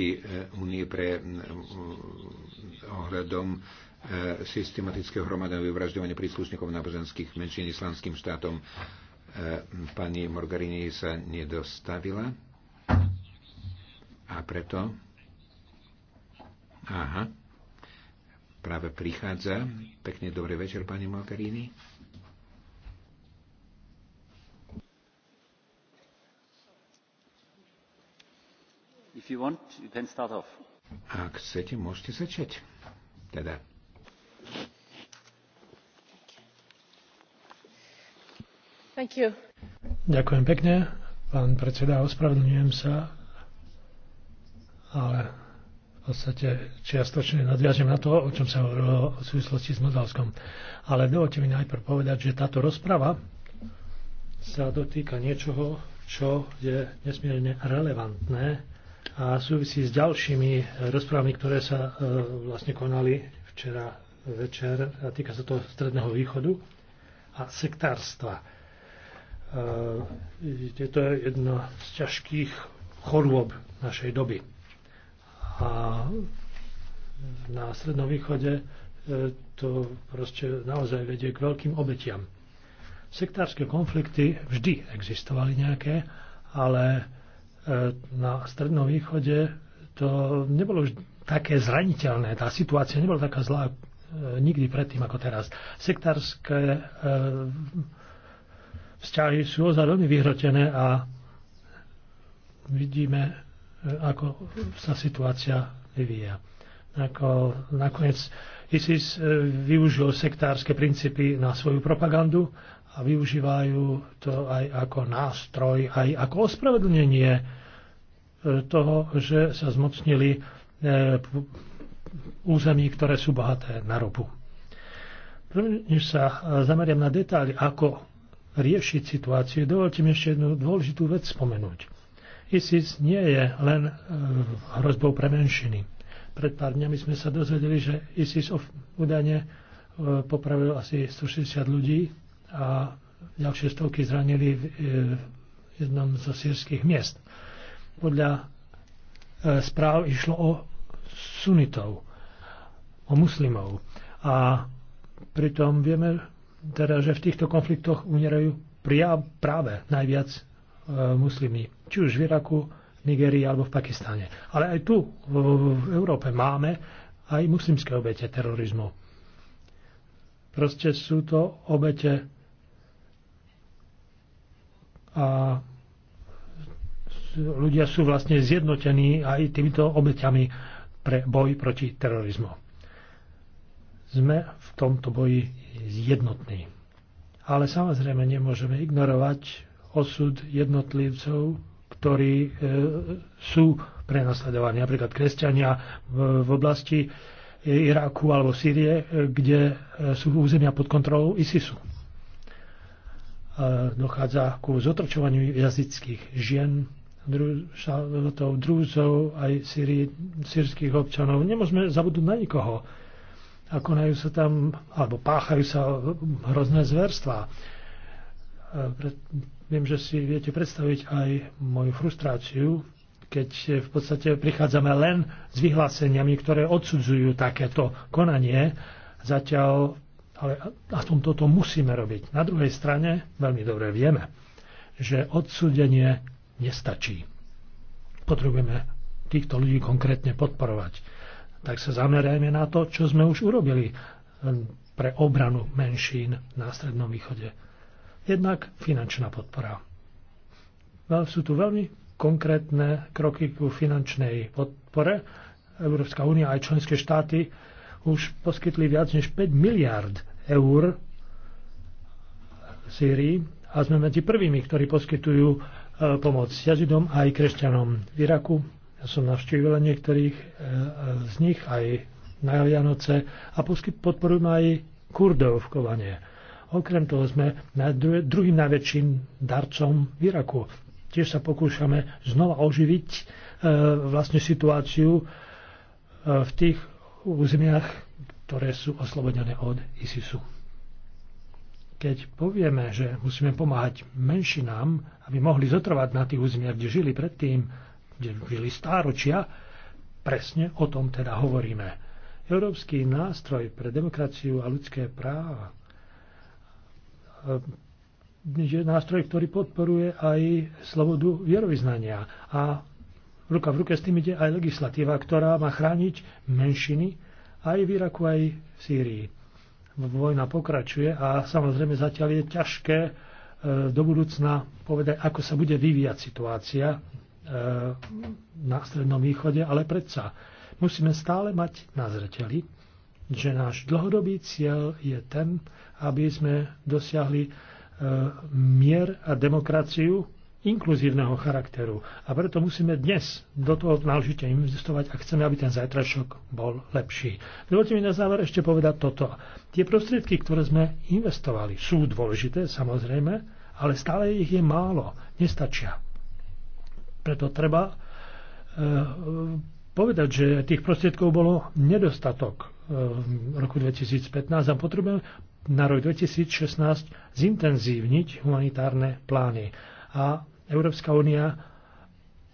Európskej únie pre ohľadom e, systematického hromadného vyvražďovania príslušníkov náboženských menšín islamským štátom. E, pani Morgarini sa nedostavila a preto aha, práve prichádza. Pekne dobrý večer, pani Morgarini. you want, you can start off. Ak chcete, môžete začať. Teda. Thank you. Ďakujem pekne, pán predseda, ospravedlňujem sa, ale v podstate čiastočne nadviažem na to, o čom sa hovorilo v súvislosti s Modalskom. Ale dovolte mi najprv povedať, že táto rozprava sa dotýka niečoho, čo je nesmierne relevantné a súvisí s ďalšími e, rozprávami, ktoré sa e, vlastne konali včera večer a týka sa toho Stredného východu a sektárstva. E, je to jedno z ťažkých chorôb našej doby. A na Strednom východe to proste naozaj vedie k veľkým obetiam. Sektárske konflikty vždy existovali nejaké, ale na Strednom východe to nebolo už také zraniteľné, tá situácia nebola taká zlá e, nikdy predtým ako teraz. Sektárske vzťahy sú ozaj veľmi vyhrotené a vidíme, e, ako sa situácia vyvíja. Ako nakoniec ISIS e, využil sektárske princípy na svoju propagandu a využívajú to aj ako nástroj, aj ako ospravedlnenie e, toho, že sa zmocnili e, území, ktoré sú bohaté na ropu. Než sa e, zameriam na detaily, ako riešiť situáciu, dovolte mi ešte jednu dôležitú vec spomenúť. ISIS nie je len hrozbou pre menšiny. Pred pár dňami sme sa dozvedeli, že ISIS údajne popravil asi 160 ľudí a ďalšie stovky zranili e, v jednom zo sírskych miest. Podľa e, správ išlo o sunitov, o muslimov. A pritom vieme teda, že v týchto konfliktoch umierajú práve najviac e, muslimy. Či už v Iraku, Nigerii alebo v Pakistane. Ale aj tu v Európe máme aj muslimské obete terorizmu. Proste sú to obete a ľudia sú vlastne zjednotení aj týmito obeťami pre boj proti terorizmu. Sme v tomto boji jednotní. Ale samozrejme nemôžeme ignorovať osud jednotlivcov, ktorí e, sú prenasledovaní, napríklad kresťania v, v oblasti Iraku alebo Sýrie, e, kde e, sú územia pod kontrolou ISISu dochádza ku zotročovaniu jazyckých žien, druzov, aj syri, občanov. Nemôžeme zabudnúť na nikoho. A konajú sa tam, alebo páchajú sa hrozné zverstvá. Viem, že si viete predstaviť aj moju frustráciu, keď v podstate prichádzame len s vyhláseniami, ktoré odsudzujú takéto konanie. Zatiaľ ale aspoň toto musíme robiť. Na druhej strane veľmi dobre vieme, že odsúdenie nestačí. Potrebujeme týchto ľudí konkrétne podporovať. Tak sa zamerajme na to, čo sme už urobili hm, pre obranu menšín na Strednom východe. Jednak finančná podpora. Sú tu veľmi konkrétne kroky ku finančnej podpore. Európska únia aj členské štáty už poskytli viac než 5 miliard eur v Sýrii a sme medzi prvými, ktorí poskytujú e, pomoc jazidom aj kresťanom v Iraku. Ja som navštívil niektorých e, z nich aj na Vianoce a podporujem aj Kurdov v Kovanie. Okrem toho sme druhým najväčším darcom v Iraku. Tiež sa pokúšame znova oživiť e, vlastne situáciu v tých územiach, ktoré sú oslobodené od ISISu. Keď povieme, že musíme pomáhať menšinám, aby mohli zotrvať na tých územiach, kde žili predtým, kde žili stáročia, presne o tom teda hovoríme. Európsky nástroj pre demokraciu a ľudské práva ehm, je nástroj, ktorý podporuje aj slobodu vierovýznania. A ruka v ruke s tým ide aj legislatíva, ktorá má chrániť menšiny aj v Iraku, aj v Sýrii. Vojna pokračuje a samozrejme zatiaľ je ťažké e, do budúcna povedať, ako sa bude vyvíjať situácia e, na Strednom východe, ale predsa musíme stále mať na zreteli, že náš dlhodobý cieľ je ten, aby sme dosiahli e, mier a demokraciu inkluzívneho charakteru. A preto musíme dnes do toho náležite investovať, ak chceme, aby ten zajtrašok bol lepší. Dovolte mi na záver ešte povedať toto. Tie prostriedky, ktoré sme investovali, sú dôležité, samozrejme, ale stále ich je málo, nestačia. Preto treba e, povedať, že tých prostriedkov bolo nedostatok e, v roku 2015 a potrebujeme na rok 2016 zintenzívniť humanitárne plány a Európska únia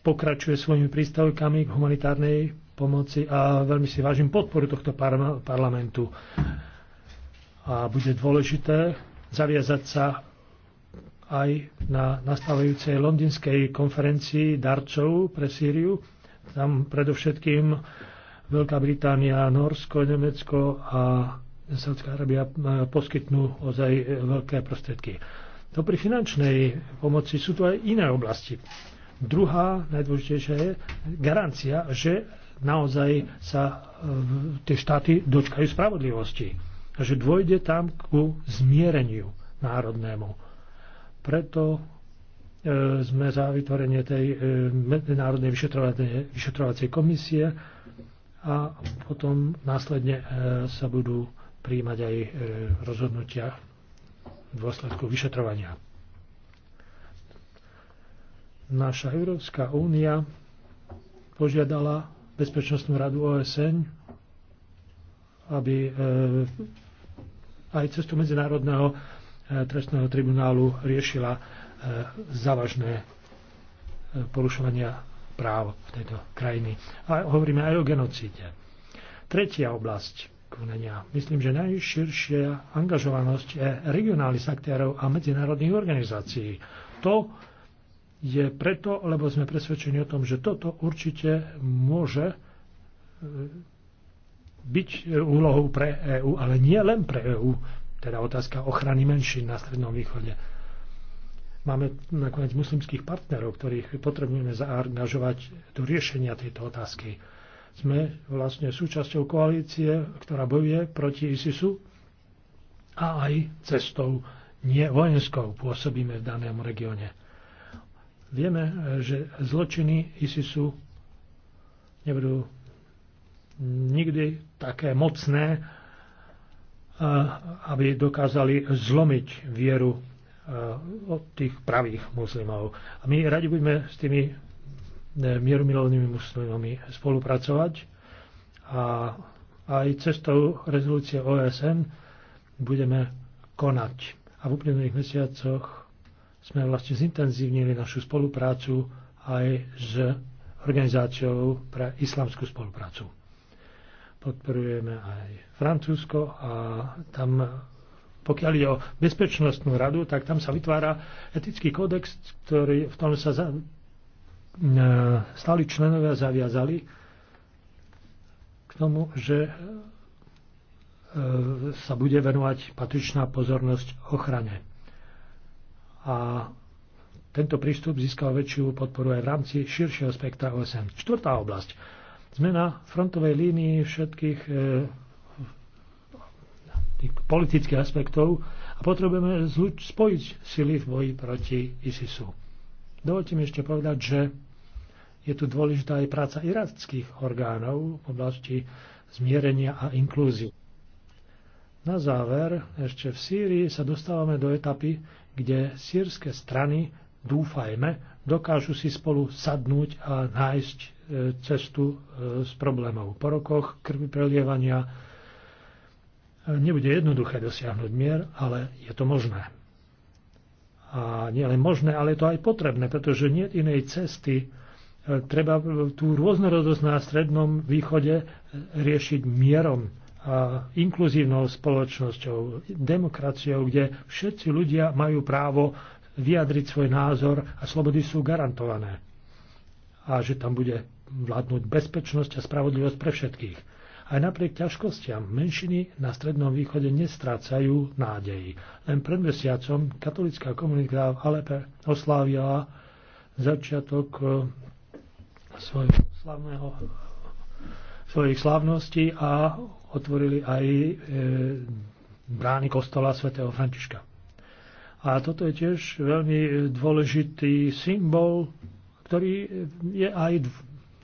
pokračuje svojimi prístavkami k humanitárnej pomoci a veľmi si vážim podporu tohto parlamentu. A bude dôležité zaviazať sa aj na nastávajúcej londýnskej konferencii darcov pre Sýriu. Tam predovšetkým Veľká Británia, Norsko, Nemecko a Saudská Arábia poskytnú ozaj veľké prostriedky. No pri finančnej pomoci sú tu aj iné oblasti. Druhá najdôležitejšia je garancia, že naozaj sa e, tie štáty dočkajú spravodlivosti. A že dôjde tam ku zmiereniu národnému. Preto e, sme za vytvorenie tej e, medzinárodnej vyšetrovacej, vyšetrovacej komisie a potom následne sa budú príjmať aj rozhodnutia v dôsledku vyšetrovania. Naša Európska únia požiadala Bezpečnostnú radu OSN, aby eh, aj cestu Medzinárodného eh, trestného tribunálu riešila eh, závažné porušovania práv v tejto krajiny. A hovoríme aj o genocíde. Tretia oblasť konania. Myslím, že najširšia angažovanosť regionálnych aktérov a medzinárodných organizácií. To je preto, lebo sme presvedčení o tom, že toto určite môže e, byť úlohou pre EÚ, ale nie len pre EÚ, teda otázka ochrany menšín na Strednom východe. Máme nakoniec muslimských partnerov, ktorých potrebujeme zaangažovať do riešenia tejto otázky. Sme vlastne súčasťou koalície, ktorá bojuje proti ISISu a aj cestou nevojenskou vojenskou pôsobíme v danom regióne. Vieme, že zločiny ISISu nebudú nikdy také mocné, eh, aby dokázali zlomiť vieru eh, od tých pravých muslimov. A my radi budeme s tými mierumilovnými muslimami spolupracovať a aj cestou rezolúcie OSN budeme konať. A v uplynulých mesiacoch sme vlastne zintenzívnili našu spoluprácu aj s organizáciou pre islamskú spoluprácu. Podporujeme aj Francúzsko a tam, pokiaľ ide o bezpečnostnú radu, tak tam sa vytvára etický kódex, ktorý, v tom sa za, E, stali členovia zaviazali k tomu, že e, sa bude venovať patričná pozornosť ochrane. A tento prístup získal väčšiu podporu aj v rámci širšieho spektra OSN. Čtvrtá oblasť. Zmena na frontovej línii všetkých e, tých politických aspektov a potrebujeme spojiť sily v boji proti ISISu. Dovolte mi ešte povedať, že je tu dôležitá aj práca irackých orgánov v oblasti zmierenia a inklúziu. Na záver, ešte v Sýrii sa dostávame do etapy, kde sírske strany, dúfajme, dokážu si spolu sadnúť a nájsť e, cestu z e, problémov po rokoch, krvi prelievania. E, nebude jednoduché dosiahnuť mier, ale je to možné. A nie len možné, ale je to aj potrebné, pretože nie inej cesty, treba tú rôznorodosť na Strednom východe riešiť mierom a inkluzívnou spoločnosťou, demokraciou, kde všetci ľudia majú právo vyjadriť svoj názor a slobody sú garantované. A že tam bude vládnuť bezpečnosť a spravodlivosť pre všetkých. Aj napriek ťažkostiam menšiny na Strednom východe nestrácajú nádej. Len pred mesiacom katolická komunita v Alepe oslávila začiatok svojho slavného, svojich slavností a otvorili aj e, brány kostola svätého Františka. A toto je tiež veľmi dôležitý symbol, ktorý je aj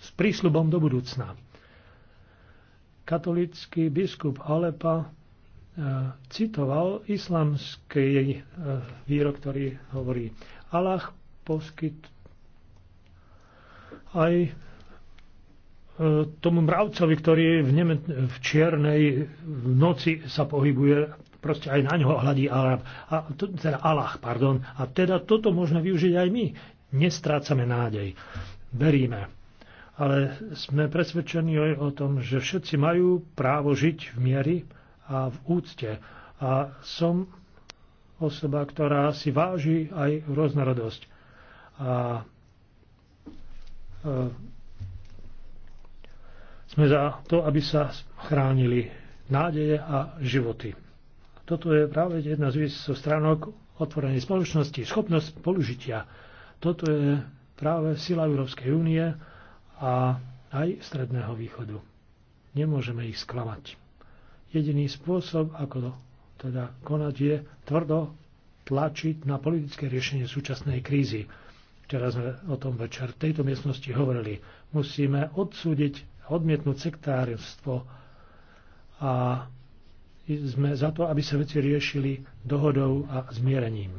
s prísľubom do budúcna. Katolícky biskup Alepa e, citoval islamský e, výrok, ktorý hovorí Allah poskyt, aj e, tomu mravcovi, ktorý v, Neme- v čiernej noci sa pohybuje, proste aj na ňo hľadí Arab, a, teda Allah, pardon. A teda toto môžeme využiť aj my. Nestrácame nádej. Veríme. Ale sme presvedčení aj o tom, že všetci majú právo žiť v miery a v úcte. A som osoba, ktorá si váži aj rôznorodosť. A E, sme za to, aby sa chránili nádeje a životy. Toto je práve jedna z so stránok otvorenej spoločnosti, schopnosť polužitia. Toto je práve sila Európskej únie a aj Stredného východu. Nemôžeme ich sklamať. Jediný spôsob, ako to teda konať, je tvrdo tlačiť na politické riešenie súčasnej krízy. Včera sme o tom večer v tejto miestnosti hovorili. Musíme odsúdiť, odmietnúť sektárstvo a sme za to, aby sa veci riešili dohodou a zmierením.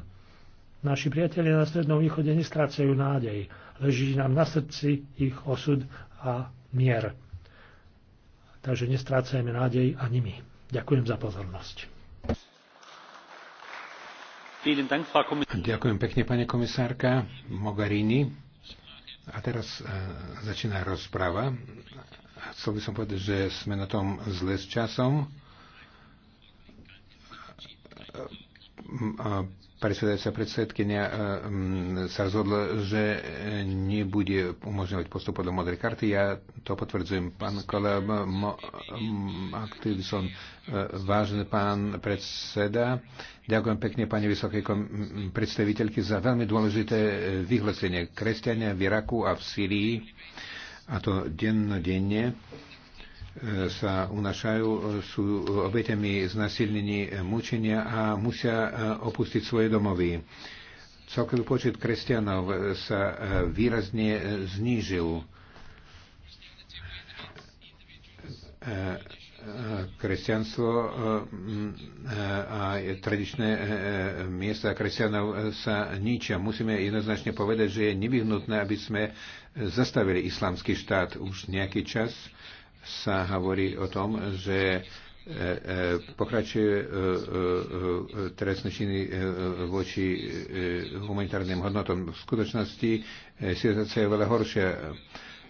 Naši priatelia na Strednom východe nestrácajú nádej. Leží nám na srdci ich osud a mier. Takže nestrácajme nádej ani my. Ďakujem za pozornosť. Ďakujem pekne, pani komisárka Mogherini. A teraz e, začína rozprava. Chcel by som povedať, že sme na tom zle s časom. E, e, predsedajúca predsedkynia e, mm, sa rozhodla, že nebude umožňovať postup podľa modrej karty. Ja to potvrdzujem. Pán Kolab mm, Aktivison, e, vážený pán predseda, ďakujem pekne pani vysokej mm, predstaviteľky za veľmi dôležité e, vyhlasenie. kresťania v Iraku a v Syrii, a to dennodenne sa unašajú, sú obetemi znasilnení, mučenia a musia eh, opustiť svoje domovy. Celkový počet kresťanov sa eh, výrazne eh, znížil. Kresťanstvo mm, a tradičné miesta kresťanov sa ničia. Musíme jednoznačne povedať, že je nevyhnutné, aby sme zastavili islamský štát už nejaký čas sa hovorí o tom, že e, e, pokračuje e, trestné činy voči humanitárnym hodnotom. V skutočnosti situácia je veľa horšia.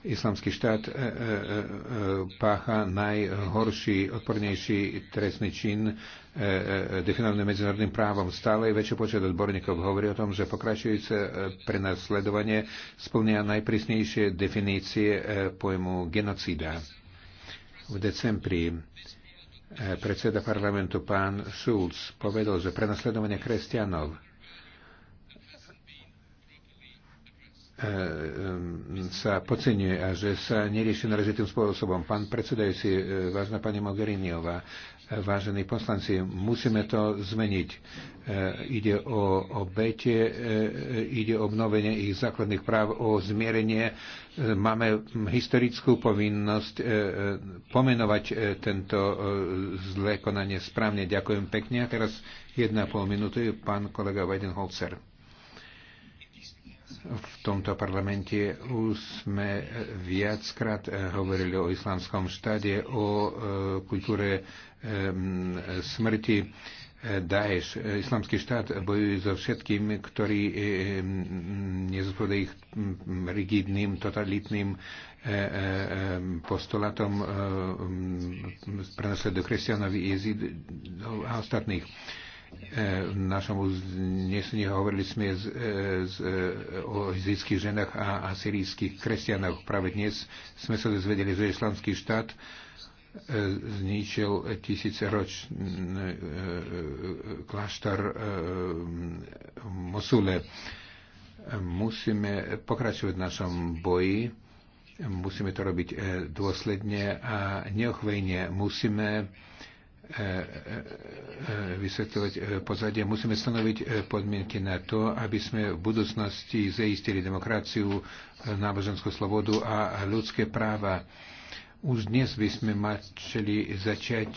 Islamský štát pácha najhorší, odpornejší trestný čin definovaný medzinárodným právom. Stále väčší počet odborníkov hovorí o tom, že pokračujúce prenasledovanie splnia najprísnejšie definície pojmu genocída. V decembri eh, predseda parlamentu pán Schulz povedal, že prenasledovanie kresťanov eh, sa podceňuje a že sa nerieši náležitým spôsobom. Pán predsedajúci, eh, vážna pani Mogheriniová, vážení poslanci, musíme to zmeniť. E, ide o obete, e, ide o obnovenie ich základných práv, o zmierenie. E, máme historickú povinnosť pomenovať tento zlé konanie správne. Ďakujem pekne. A teraz jedna pol minúty, pán kolega Weidenholzer v tomto parlamente už sme viackrát eh, hovorili o islamskom štáde, o eh, kultúre eh, smrti. Daesh, islamský štát bojuje so všetkým, ktorí nezodpovedajú ich rigidným, totalitným postulatom do kresťanov, jezidov a ostatných v našom uznesení hovorili sme z, e, z, e, o izických ženách a a syrijských kresťanoch. Práve dnes sme sa dozvedeli, že islamský štát e, zničil tisíceroč kláštor Mosule. Musíme pokračovať v našom boji, musíme to robiť dôsledne a neochvejne. Musíme E, e, e, vysvetľovať pozadie. Musíme stanoviť podmienky na to, aby sme v budúcnosti zaistili demokraciu, náboženskú slobodu a ľudské práva. Už dnes by sme mali začať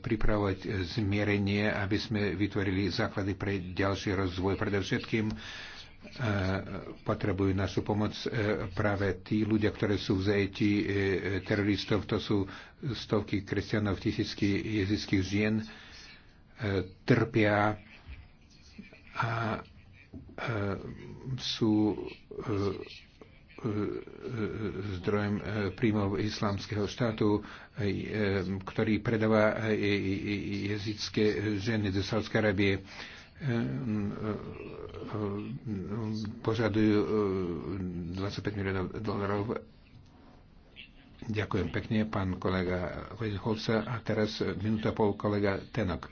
pripravovať zmierenie, aby sme vytvorili základy pre ďalší rozvoj. Predovšetkým E, potrebujú našu pomoc e, práve tí ľudia, ktorí sú v zajetí e, teroristov. To sú stovky kresťanov, tisícky jezických žien. Trpia a sú zdrojem príjmov islamského štátu, ktorý predáva jezické ženy ze Sádskej Arábie Ehm, e, e, požadujú 25 e, miliónov dolarov. Ďakujem pekne, pán kolega Vojtechovca. A teraz minúta pol kolega Tenok.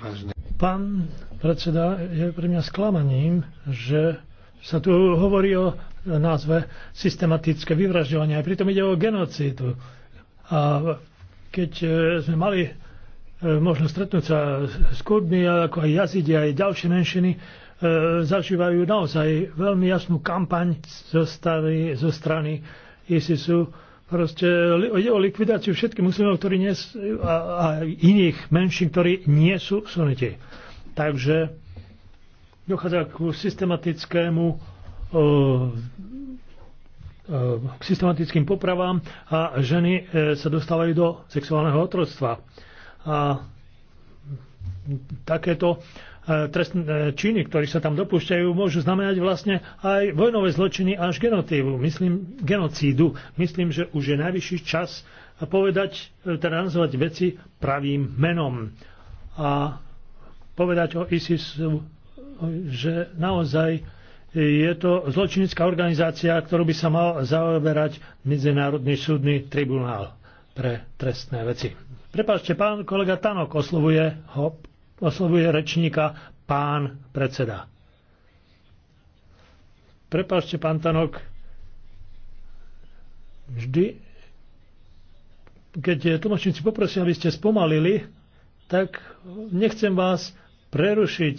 Vážne. Pán predseda, je pre mňa sklamaním, že sa tu hovorí o názve systematické vyvražďovanie, aj pritom ide o genocídu. A keď sme mali E, možno stretnúť sa s Kurdmi, ako aj jazidi, aj ďalšie menšiny, e, zažívajú naozaj veľmi jasnú kampaň zo stary zo strany ISISu. Proste ide o likvidáciu všetkých muslimov, ktorí nie, a, a iných menšín, ktorí nie sú suniti. Takže dochádza k systematickému k systematickým popravám a ženy e, sa dostávajú do sexuálneho otroctva. A takéto e, trestné e, činy, ktorí sa tam dopúšťajú, môžu znamenať vlastne aj vojnové zločiny až genotívu, myslím, genocídu. Myslím, že už je najvyšší čas povedať, e, teda nazvať veci pravým menom. A povedať o ISIS, že naozaj je to zločinecká organizácia, ktorú by sa mal zaoberať Medzinárodný súdny tribunál pre trestné veci. Prepačte, pán kolega Tanok oslovuje, ho, oslovuje rečníka pán predseda. Prepačte, pán Tanok, vždy, keď tlmočníci poprosím, aby ste spomalili, tak nechcem vás prerušiť,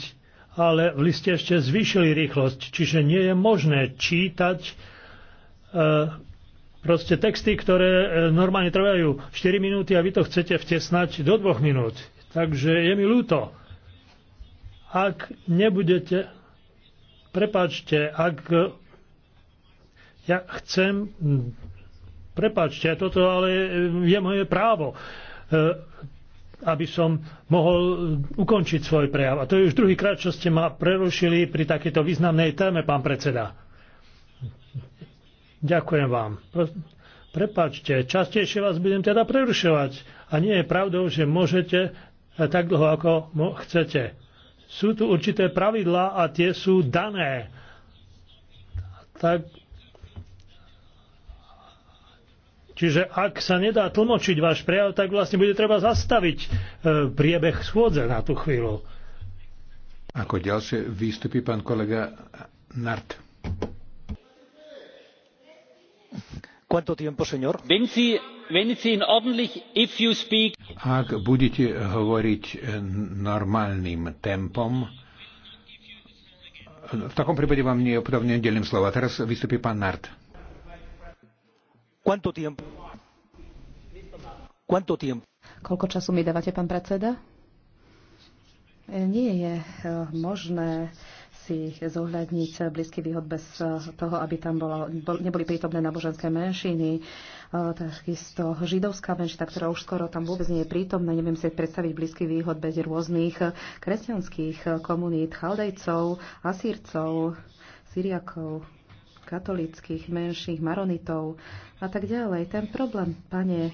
ale v liste ešte zvýšili rýchlosť, čiže nie je možné čítať eh, proste texty, ktoré e, normálne trvajú 4 minúty a vy to chcete vtesnať do 2 minút. Takže je mi ľúto. Ak nebudete, prepáčte, ak e, ja chcem, prepáčte, toto ale e, je moje právo, aby som mohol ukončiť svoj prejav. A to je už druhýkrát, čo ste ma prerušili pri takéto významnej téme, pán predseda. Ďakujem vám. Prepačte, častejšie vás budem teda prerušovať. A nie je pravdou, že môžete eh, tak dlho, ako chcete. Sú tu určité pravidlá a tie sú dané. Tak... Čiže ak sa nedá tlmočiť váš prejav, tak vlastne bude treba zastaviť eh, priebeh schôdze na tú chvíľu. Ako ďalšie výstupy pán kolega Nart. Ak budete hovoriť normálnym tempom, v takom prípade vám neopravne delím slova. Teraz vystupí pán Nart. Koľko času mi dávate, pán predseda? E, nie je e, možné musí zohľadniť Blízky výhod bez eh, toho, aby tam bolo, neboli prítomné náboženské menšiny, eh, takisto židovská menšina, ktorá už skoro tam vôbec nie je prítomná. Neviem si predstaviť Blízky výhod bez rôznych eh, kresťanských komunít, chaldejcov, asírcov, syriakov katolických, menších, maronitov a tak ďalej. Ten problém, pane,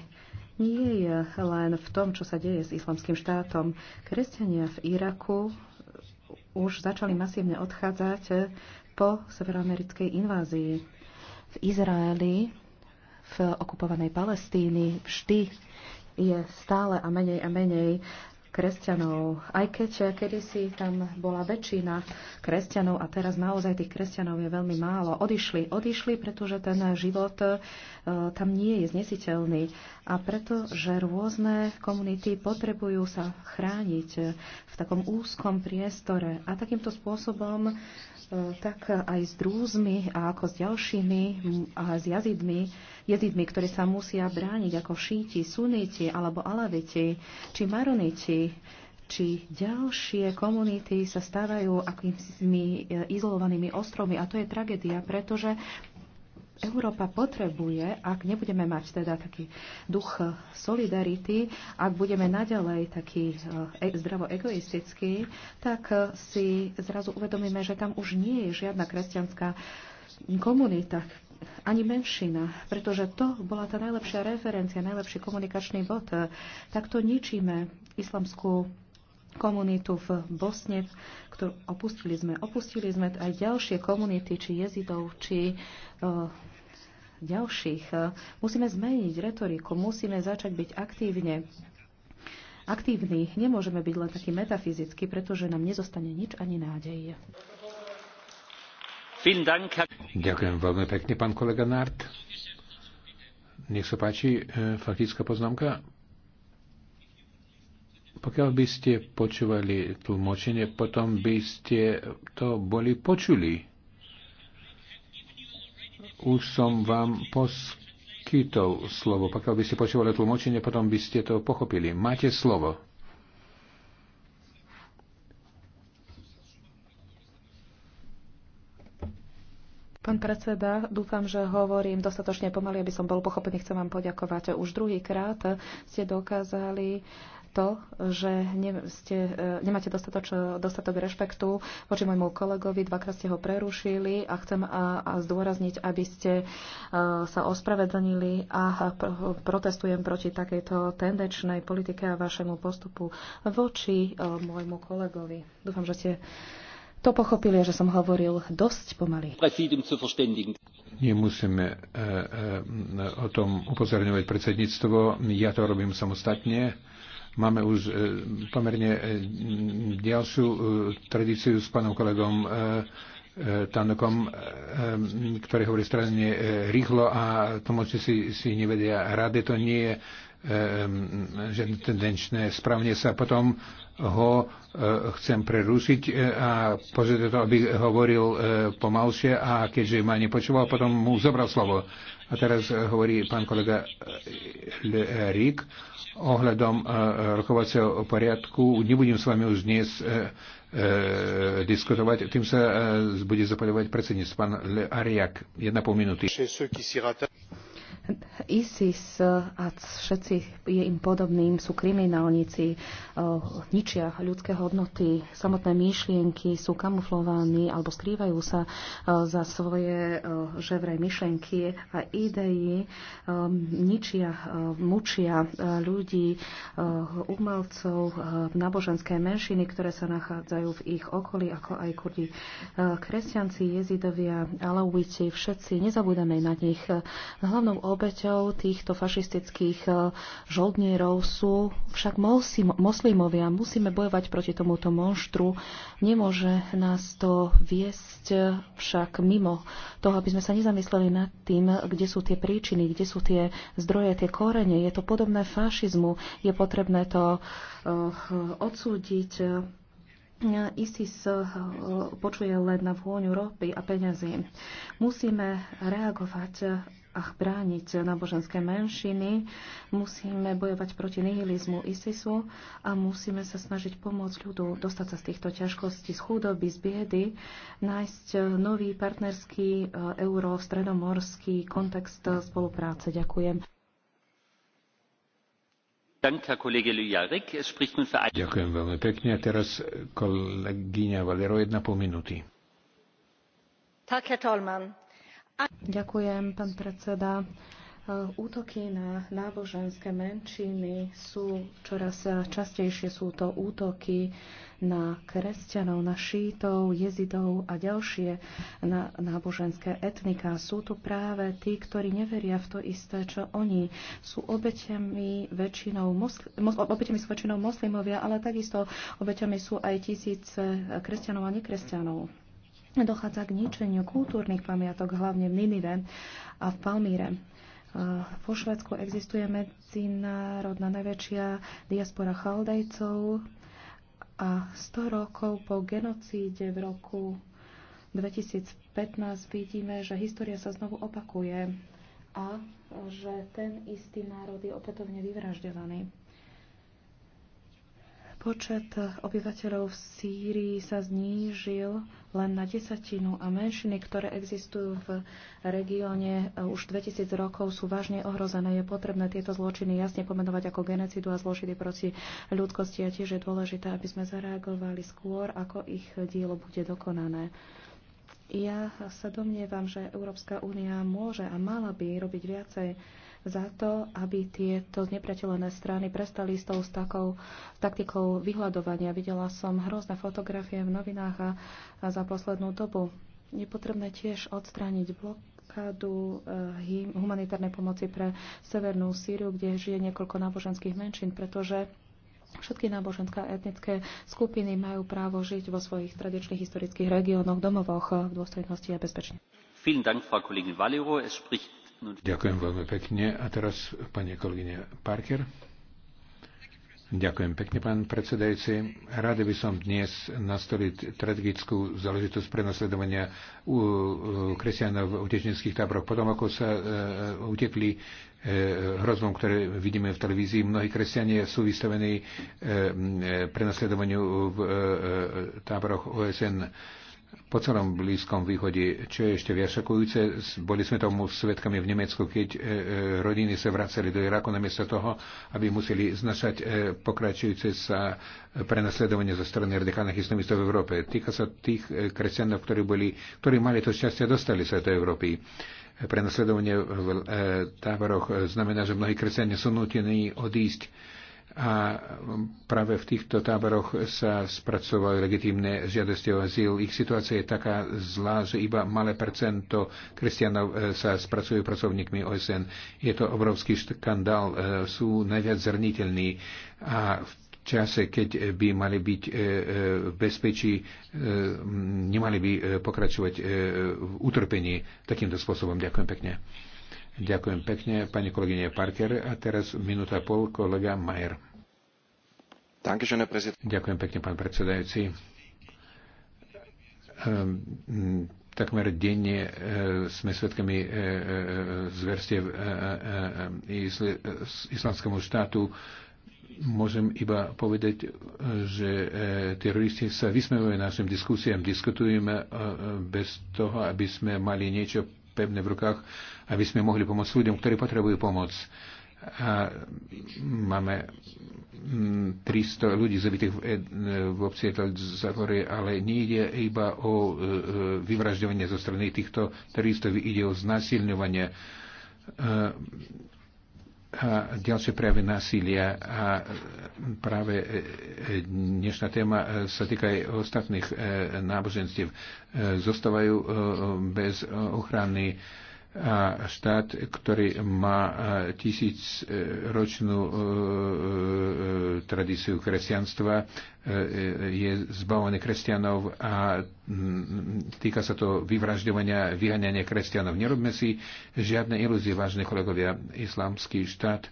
nie je len v tom, čo sa deje s islamským štátom. Kresťania v Iraku už začali masívne odchádzať po severoamerickej invázii. V Izraeli, v okupovanej Palestíny vždy je stále a menej a menej kresťanov. Aj keď kedysi tam bola väčšina kresťanov a teraz naozaj tých kresťanov je veľmi málo, odišli. Odišli, pretože ten život e, tam nie je znesiteľný a preto, že rôzne komunity potrebujú sa chrániť v takom úzkom priestore a takýmto spôsobom E, tak aj s drúzmi a ako s ďalšími a s jazidmi, jazidmi, ktorí sa musia brániť ako šíti, suníti alebo alaviti, či maroniti, či ďalšie komunity sa stávajú akými izolovanými ostrovmi. A to je tragédia, pretože Európa potrebuje, ak nebudeme mať teda taký duch solidarity, ak budeme naďalej taký eh, e, zdravo egoistický, tak eh, si zrazu uvedomíme, že tam už nie je žiadna kresťanská komunita, ani menšina, pretože to bola tá najlepšia referencia, najlepší komunikačný bod. Eh, Takto ničíme islamskú komunitu v Bosne, ktorú opustili sme. Opustili sme aj ďalšie komunity, či jezidov, či uh, ďalších. Musíme zmeniť retoriku, musíme začať byť aktívne aktívni. Nemôžeme byť len takí metafyzickí, pretože nám nezostane nič ani nádej. Ďakujem veľmi pekne, pán kolega Nart. Nech sa páči, eh, faktická poznámka. Pokiaľ by ste počúvali tlmočenie, potom by ste to boli počuli. Už som vám poskytol slovo. Pokiaľ by ste počúvali tlmočenie, potom by ste to pochopili. Máte slovo. Pán predseda, dúfam, že hovorím dostatočne pomaly, aby som bol pochopený. Chcem vám poďakovať. Už druhýkrát ste dokázali uh, to, že ne, ste, e, nemáte dostatoč, dostatok rešpektu voči môjmu kolegovi, dvakrát ste ho prerušili a chcem a, a zdôrazniť, aby ste e, sa ospravedlnili a protestujem proti takejto tendečnej politike a vašemu postupu voči e, môjmu kolegovi. Dúfam, že ste to pochopili, že som hovoril dosť pomaly. Nemusíme e, e, o tom upozorňovať predsedníctvo. Ja to robím samostatne. Máme už e, pomerne e, ďalšiu e, tradíciu s pánom kolegom Tanokom, ktorý hovorí strane rýchlo a tlmoči si, si nevedia rady. To nie je žiadne tendenčné správne sa potom ho chcem prerušiť a požiadať to, aby hovoril pomalšie a keďže ma nepočúval, potom mu zobral slovo. A teraz hovorí pán kolega Rík ohľadom e, rokovacieho poriadku. Nebudem s vami už dnes e, e, diskutovať. Tým sa e, bude zapadovať predsedníctv. Pán Le Ariak, jedna pol minúty. ISIS a všetci je im podobným sú kriminálnici, eh, ničia ľudské hodnoty, samotné myšlienky sú kamuflovaní alebo skrývajú sa eh, za svoje eh, ževre myšlienky a idei, ničia, mučia ľudí, umelcov, náboženské menšiny, ktoré sa nachádzajú v ich okolí, ako aj kurdi, kresťanci, jezidovia, alauiti, všetci, nezabúdame na nich. Hlavnou obeťou týchto fašistických e, žoldnierov sú však moslimovia. Musíme bojovať proti tomuto monštru. Nemôže nás to viesť e, však mimo toho, aby sme sa nezamysleli nad tým, kde sú tie príčiny, kde sú tie zdroje, tie korene. Je to podobné fašizmu. Je potrebné to e, odsúdiť ISIS počuje len na vôňu ropy a peňazí. Musíme reagovať a brániť náboženské menšiny, musíme bojovať proti nihilizmu ISISu a musíme sa snažiť pomôcť ľudu dostať sa z týchto ťažkostí, z chudoby, z biedy, nájsť nový partnerský e, euro-stredomorský kontext spolupráce. Ďakujem. Ďakujem veľmi pekne. A teraz kolegyňa Valero, jedna po minúty. Tak, herr Tolman. Ďakujem, pán predseda. Eh, útoky na náboženské menšiny sú čoraz častejšie. Sú to útoky na kresťanov, na šítov, jezidov a ďalšie na náboženské etnika. Sú to práve tí, ktorí neveria v to isté, čo oni. Sú obeťami, väčšinou mosli, mos, obeťami sú väčšinou moslimovia, ale takisto obeťami sú aj tisíce kresťanov a nekresťanov dochádza k ničeniu kultúrnych pamiatok, hlavne v Ninive a v Palmíre. Po e, Švedsku existuje medzinárodná najväčšia diaspora chaldejcov a 100 rokov po genocíde v roku 2015 vidíme, že história sa znovu opakuje a že ten istý národ je opätovne vyvražďovaný. Počet obyvateľov v Sýrii sa znížil len na desatinu a menšiny, ktoré existujú v regióne eh, už 2000 rokov, sú vážne ohrozené. Je potrebné tieto zločiny jasne pomenovať ako genocidu a zločiny proti ľudskosti a tiež je dôležité, aby sme zareagovali skôr, ako ich dielo bude dokonané. Ja sa domnievam, že Európska únia môže a mala by robiť viacej za to, aby tieto znepriateľené strany prestali s tou s takou s taktikou vyhľadovania. Videla som hrozné fotografie v novinách a, a za poslednú dobu. Je potrebné tiež odstrániť blok blokádu eh, humanitárnej pomoci pre Severnú Sýriu, kde žije niekoľko náboženských menšín, pretože Všetky náboženské a etnické skupiny majú právo žiť vo svojich tradičných historických regiónoch, domovoch v dôstojnosti a bezpečne. Vielen Dank, Frau Kollegin Valero. Es spricht Ďakujem veľmi pekne. A teraz pani kolegyňa Parker. Ďakujem pekne, pán predsedajúci. Rád by som dnes nastoliť tragickú záležitosť prenasledovania u, kresťanov v utečenských táboroch. Potom, ako sa uh, utekli uh, hrozbom, ktoré vidíme v televízii, mnohí kresťania sú vystavení e, prenasledovaniu v uh, táboroch OSN. Uh, po celom Blízkom východe. Čo je ešte viac šokujúce, boli sme tomu svetkami v Nemecku, keď e, e, rodiny sa vracali do Iraku namiesto toho, aby museli znašať e, pokračujúce sa prenasledovanie zo strany radikálnych islamistov v Európe. Týka sa tých kresťanov, ktorí, boli, ktorí mali to šťastie a dostali sa do Európy. Prenasledovanie v táboroch znamená, že mnohí kresťania sú nutení odísť a práve v týchto táboroch sa spracovajú legitímne žiadosti o azyl. Ich situácia je taká zlá, že iba malé percento kresťanov e, sa spracujú pracovníkmi OSN. Je to obrovský škandál, e, sú najviac zrniteľní a v čase, keď by mali byť e, v bezpečí, nemali by pokračovať v utrpení takýmto spôsobom. Ďakujem pekne. Ďakujem pekne, pani kolegyne Parker. A teraz minúta pol, kolega Majer. Ďakujem pekne, pán predsedajúci. Ehm, takmer denne e, sme svedkami e, e, zverstiev islamskému štátu. Môžem iba povedať, že teroristi sa vysmevajú našim diskusiám, diskutujeme bez toho, aby sme mali niečo pevné v rukách aby sme mohli pomôcť ľuďom, ktorí potrebujú pomoc. A máme 300 mm, ľudí zabitých v obci Zagore, ale ide iba o e, e, vyvražďovanie zo strany týchto teroristov, ide o znasilňovanie e, a ďalšie prejavy násilia a práve dnešná téma sa týka aj ostatných náboženstiev. Zostávajú bez ochrany a štát, ktorý má e, tisícročnú e, e, tradíciu kresťanstva, je zbavený kresťanov a mm, týka sa to vyvražďovania, vyhaniania kresťanov. Nerobme si žiadne ilúzie, vážne kolegovia. Islamský štát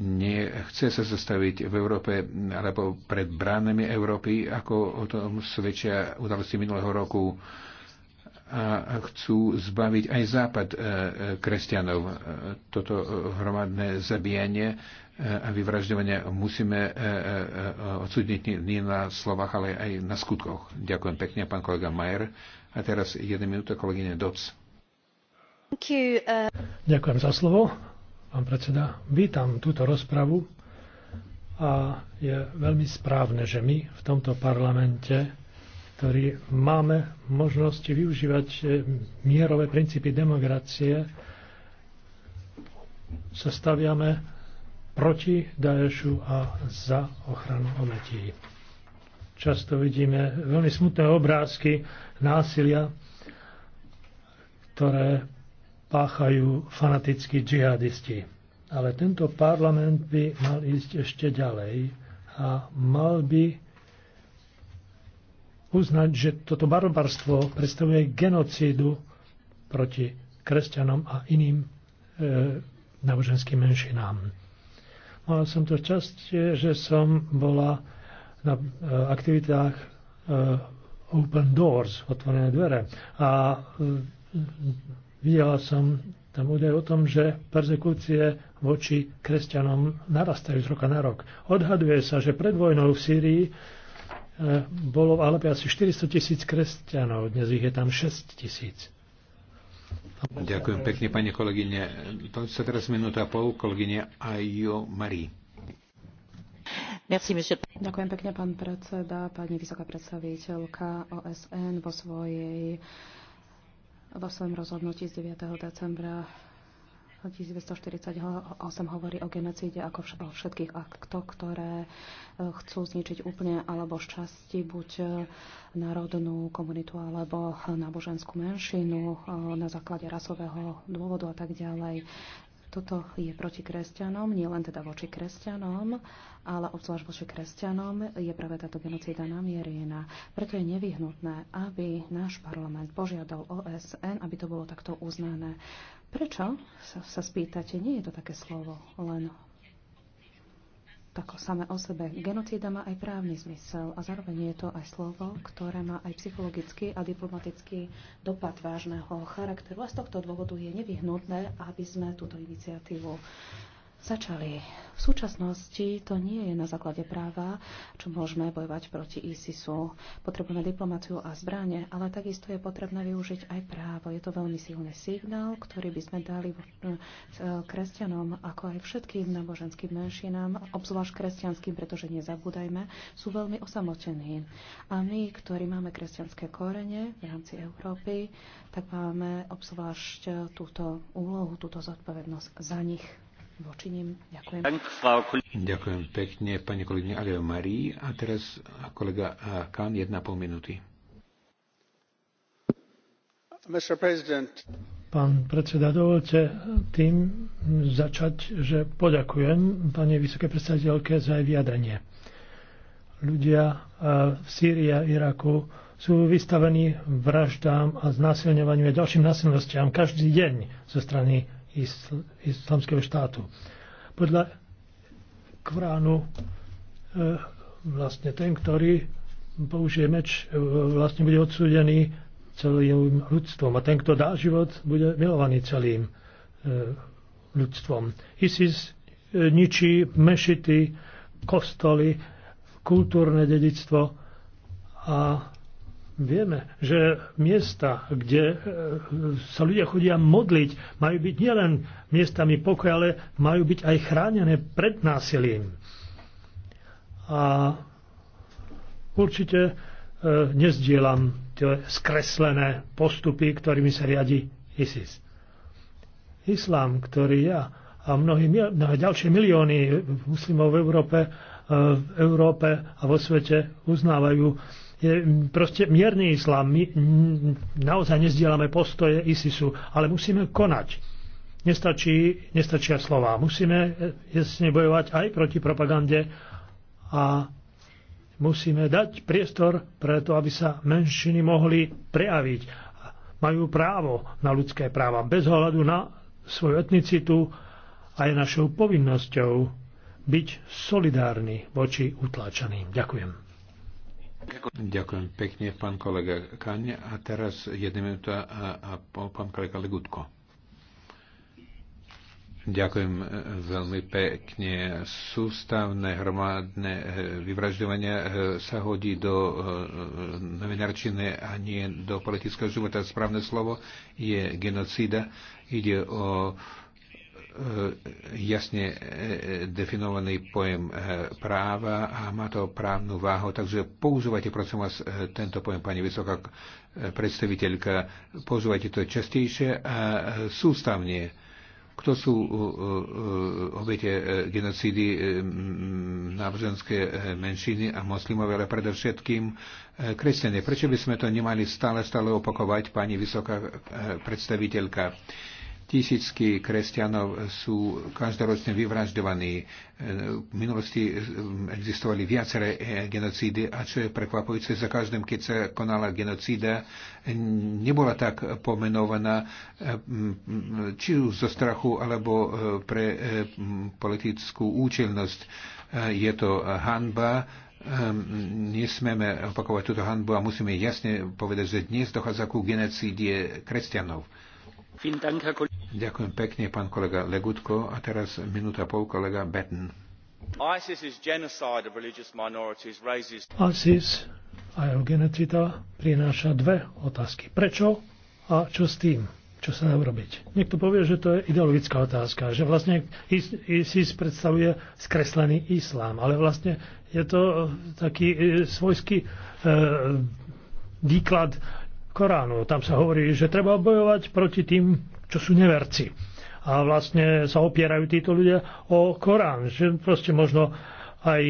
nechce sa zastaviť v Európe alebo pred bránami Európy, ako o tom svedčia udalosti minulého roku a chcú zbaviť aj západ e, e, kresťanov. E, toto hromadné zabíjanie a vyvražďovanie musíme odsudniť nie na slovách, ale aj na skutkoch. Ďakujem pekne, pán kolega Majer. A teraz jedna minúta kolegyne Doc. Uh, Ďakujem za slovo, pán predseda. Vítam túto rozpravu a je veľmi správne, že my v tomto parlamente ktorí máme možnosť využívať eh, mierové princípy demokracie, sa staviame proti Daešu a za ochranu obetí. Často vidíme veľmi smutné obrázky násilia, ktoré páchajú fanatickí džihadisti. Ale tento parlament by mal ísť ešte ďalej a mal by uznať, že toto barbarstvo predstavuje genocídu proti kresťanom a iným e, náboženským menšinám. Mala som to šťastie, že som bola na e, aktivitách e, Open Doors, otvorené dvere. A e, videla som tam údaj o tom, že persekúcie voči kresťanom narastajú z roka na rok. Odhaduje sa, že pred vojnou v Sýrii Eh, bolo v Alepe asi 400 tisíc kresťanov, dnes ich je tam 6 tisíc. Ďakujem pekne, pani kolegyne. To sa teraz minúta a pol, kolegyne Ajo Marí. Ďakujem pekne, pán predseda, pani vysoká predstaviteľka OSN vo svojej vo svojom rozhodnutí z 9. decembra 1948 hovorí o genocíde ako vš- o všetkých aktoch, ktoré e, chcú zničiť úplne alebo z časti buď e, národnú komunitu alebo náboženskú menšinu e, na základe rasového dôvodu a tak ďalej. Toto je proti kresťanom, nielen teda voči kresťanom, ale obzvlášť voči kresťanom je práve táto genocída namierená. Preto je nevyhnutné, aby náš parlament požiadal OSN, aby to bolo takto uznané. Prečo sa, sa spýtate? Nie je to také slovo len tako same o sebe. Genocída má aj právny zmysel a zároveň je to aj slovo, ktoré má aj psychologický a diplomatický dopad vážneho charakteru. A z tohto dôvodu je nevyhnutné, aby sme túto iniciatívu začali. V súčasnosti to nie je na základe práva, čo môžeme bojovať proti ISISu. Potrebujeme diplomáciu a zbranie, ale takisto je potrebné využiť aj právo. Je to veľmi silný signál, ktorý by sme dali kresťanom, ako aj všetkým náboženským menšinám, obzvlášť kresťanským, pretože nezabúdajme, sú veľmi osamotení. A my, ktorí máme kresťanské korene v rámci Európy, tak máme obzvlášť túto úlohu, túto zodpovednosť za nich voči nim. Ďakujem. Ďakujem pekne, pani kolegyne Aleo Marii. A teraz kolega eh, Kahn, jedna pol minúty. Pán predseda, dovolte tým začať, že poďakujem pani vysokej predstaviteľke za jej vyjadrenie. Ľudia eh, v Sýrii a Iraku sú vystavení vraždám a znásilňovaniu a ďalším násilnostiam každý deň zo strany isl- islamského štátu. Podľa Kvránu e, vlastne ten, ktorý použije meč, e, vlastne bude odsúdený celým ľudstvom. A ten, kto dá život, bude milovaný celým e, ľudstvom. ISIS e, ničí mešity, kostoly, kultúrne dedictvo a Vieme, že miesta, kde e, sa ľudia chodia modliť, majú byť nielen miestami pokoja, ale majú byť aj chránené pred násilím. A určite e, nezdielam tie skreslené postupy, ktorými sa riadi ISIS. Islám, ktorý ja a mnohí, mnohé ďalšie milióny muslimov v Európe, e, v Európe a vo svete uznávajú proste mierny islám. My naozaj nezdielame postoje ISISu, ale musíme konať. Nestačí, nestačia slova. Musíme e, jasne bojovať aj proti propagande a musíme dať priestor pre to, aby sa menšiny mohli prejaviť. Majú právo na ľudské práva bez ohľadu na svoju etnicitu a je našou povinnosťou byť solidárni voči utláčaným. Ďakujem. Ďakujem pekne, pán kolega Kaň. A teraz jedna minúta a, a pán kolega Legutko. Ďakujem e, veľmi pekne. Sústavné hromadné e, vyvražďovania e, sa hodí do novinárčiny a nie do politického života. Správne slovo je genocída. Ide o E, jasne e, definovaný pojem e, práva a má to právnu váhu, takže používajte prosím vás tento pojem, pani vysoká predstaviteľka, používajte to častejšie a sústavne. Kto sú obete genocídy náboženské menšiny a moslimové, ale predovšetkým kresťané? Prečo by sme to nemali stále, stále opakovať, pani vysoká predstaviteľka? Tisícky kresťanov sú každoročne vyvražďovaní. E, v minulosti e, existovali viaceré e, genocídy a čo je prekvapujúce, za každým, keď sa konala genocída, nebola tak pomenovaná či už zo strachu alebo pre politickú účelnosť. Je to hanba, nesmieme opakovať túto hanbu a musíme jasne povedať, že dnes dochádza ku genocídie kresťanov. Ďakujem pekne, pán kolega Legutko. A teraz minúta pol kolega Betten. ISIS a jeho genocida prináša dve otázky. Prečo a čo s tým? Čo sa dá urobiť? Niekto povie, že to je ideologická otázka, že vlastne ISIS predstavuje skreslený islám, ale vlastne je to eh, taký eh, svojský e, výklad Koránu. Tam sa hovorí, že treba bojovať proti tým čo sú neverci. A vlastne sa opierajú títo ľudia o Korán, že proste možno aj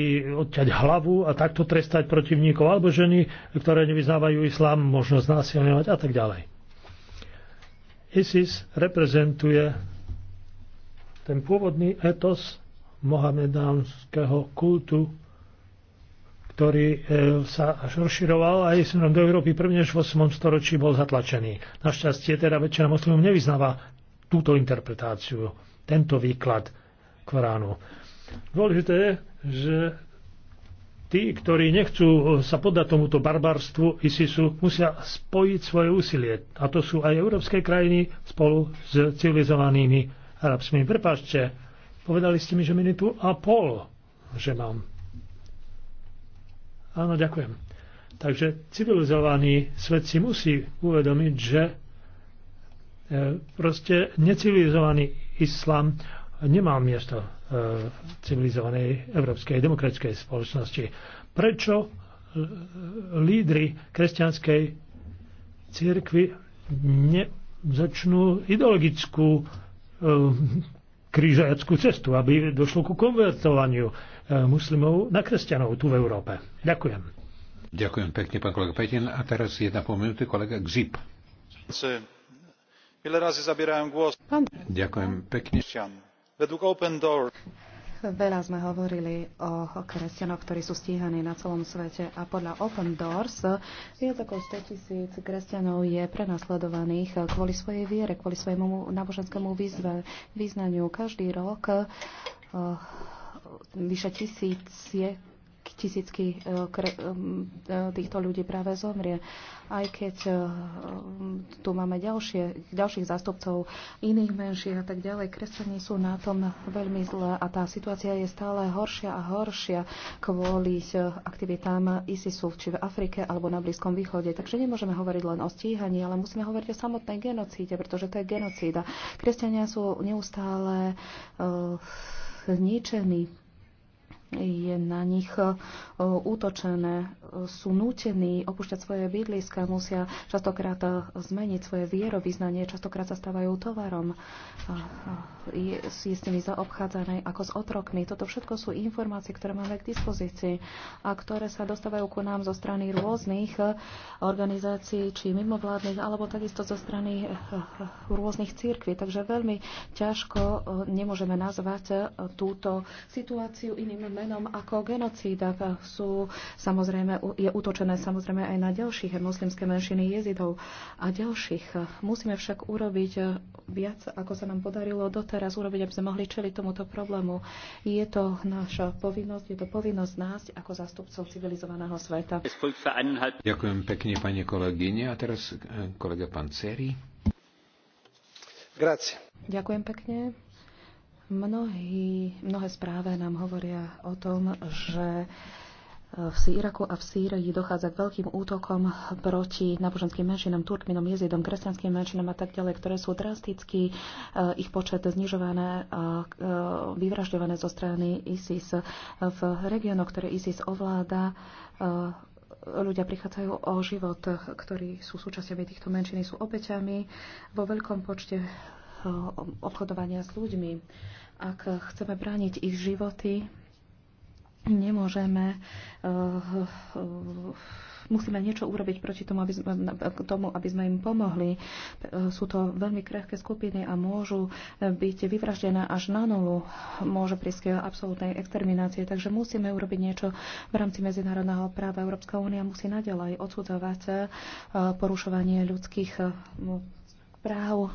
odťať hlavu a takto trestať protivníkov, alebo ženy, ktoré nevyznávajú islám, možno znásilňovať a tak ďalej. ISIS reprezentuje ten pôvodný etos mohamedánskeho kultu ktorý e, sa až rozširoval aj smerom do Európy prvne, až v 8. storočí bol zatlačený. Našťastie teda väčšina moslimov nevyznáva túto interpretáciu, tento výklad Koránu. Dôležité je, že tí, ktorí nechcú sa poddať tomuto barbarstvu ISISu, musia spojiť svoje úsilie. A to sú aj európske krajiny spolu s civilizovanými arabskými. Prepašte, povedali ste mi, že minútu a pol, že mám. Áno, ďakujem. Takže civilizovaný svet si musí uvedomiť, že e, proste necivilizovaný islám nemá miesto v e, civilizovanej európskej demokratickej spoločnosti. Prečo lídry kresťanskej církvy nezačnú ideologickú e, križajackú cestu, aby došlo ku konvertovaniu eh, muslimov na kresťanov tu v Európe. Ďakujem. Ďakujem pekne, pán kolega Petin. A teraz jedna po minúty kolega Gzip. Pán... Ďakujem pekne. Według Open Door Veľa sme hovorili o kresťanoch, ktorí sú stíhaní na celom svete a podľa Open Doors viac ako 100 tisíc kresťanov je prenasledovaných kvôli svojej viere, kvôli svojmu náboženskému význaniu. Každý rok eh, vyše je tisícky e, e, e, týchto ľudí práve zomrie. Aj keď tu máme ďalšie, ďalších zástupcov iných menších a tak ďalej, kresťania sú na tom veľmi zle a tá situácia je stále horšia a horšia kvôli aktivitám ISISu či v Afrike alebo na Blízkom východe. Takže nemôžeme hovoriť len o stíhaní, ale musíme hovoriť o samotnej genocíde, pretože to je genocída. Kresťania sú neustále uh, zničení je na nich e, útočené, e, sú nútení opúšťať svoje bydliska, musia častokrát e, zmeniť svoje vierovýznanie, častokrát sa stávajú tovarom, je, je s nimi zaobchádzané ako s otrokmi. Toto všetko sú informácie, ktoré máme k dispozícii a ktoré sa dostávajú ku nám zo strany rôznych organizácií, či mimovládnych, alebo takisto zo strany rôznych církví. Takže veľmi ťažko nemôžeme nazvať túto situáciu iným menom menom ako genocída. Sú, samozrejme, je útočené samozrejme aj na ďalších moslimské menšiny jezidov a ďalších. Musíme však urobiť eh, viac, ako sa nám podarilo doteraz urobiť, aby sme mohli čeliť tomuto problému. Je to naša povinnosť, je to povinnosť nás ako zástupcov civilizovaného sveta. Ďakujem pekne, pani kolegyne. A teraz eh, kolega Ceri. Grazie. Ďakujem pekne. Mnohí, mnohé správe nám hovoria o tom, že v Iraku a v Sýrii dochádza k veľkým útokom proti náboženským menšinám, Turkminom, jezidom, kresťanským menšinám a tak ďalej, ktoré sú drasticky eh, ich počet znižované a eh, vyvražďované zo strany ISIS. V regiónoch, ktoré ISIS ovláda, eh, ľudia prichádzajú o život, ktorí sú súčasťami týchto menšiny, sú obeťami. Vo veľkom počte Eh, obchodovania s ľuďmi. Ak chceme brániť ich životy, nemôžeme eh, musíme niečo urobiť proti tomu aby, sme, tomu, aby sme im pomohli. Sú to veľmi krehké skupiny a môžu byť vyvraždené až na nulu. Môže prísť k absolútnej exterminácie, takže musíme urobiť niečo v rámci medzinárodného práva. Európska únia musí naďalej odsudzovať eh, porušovanie ľudských práv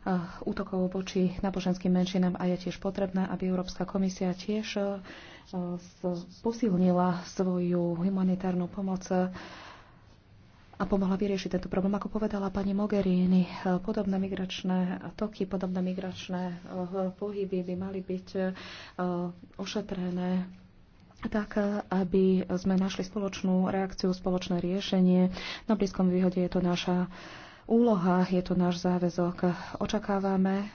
Eh, útokov voči náboženským menšinám a je tiež potrebná, aby Európska komisia tiež eh, posilnila svoju humanitárnu pomoc eh, a pomohla vyriešiť tento problém. Ako povedala pani Mogherini, podobné migračné toky, podobné migračné pohyby by mali byť ošetrené tak, aby sme našli spoločnú reakciu, spoločné riešenie. Na Blízkom výhode je to naša úlohách, je to náš záväzok. Očakávame,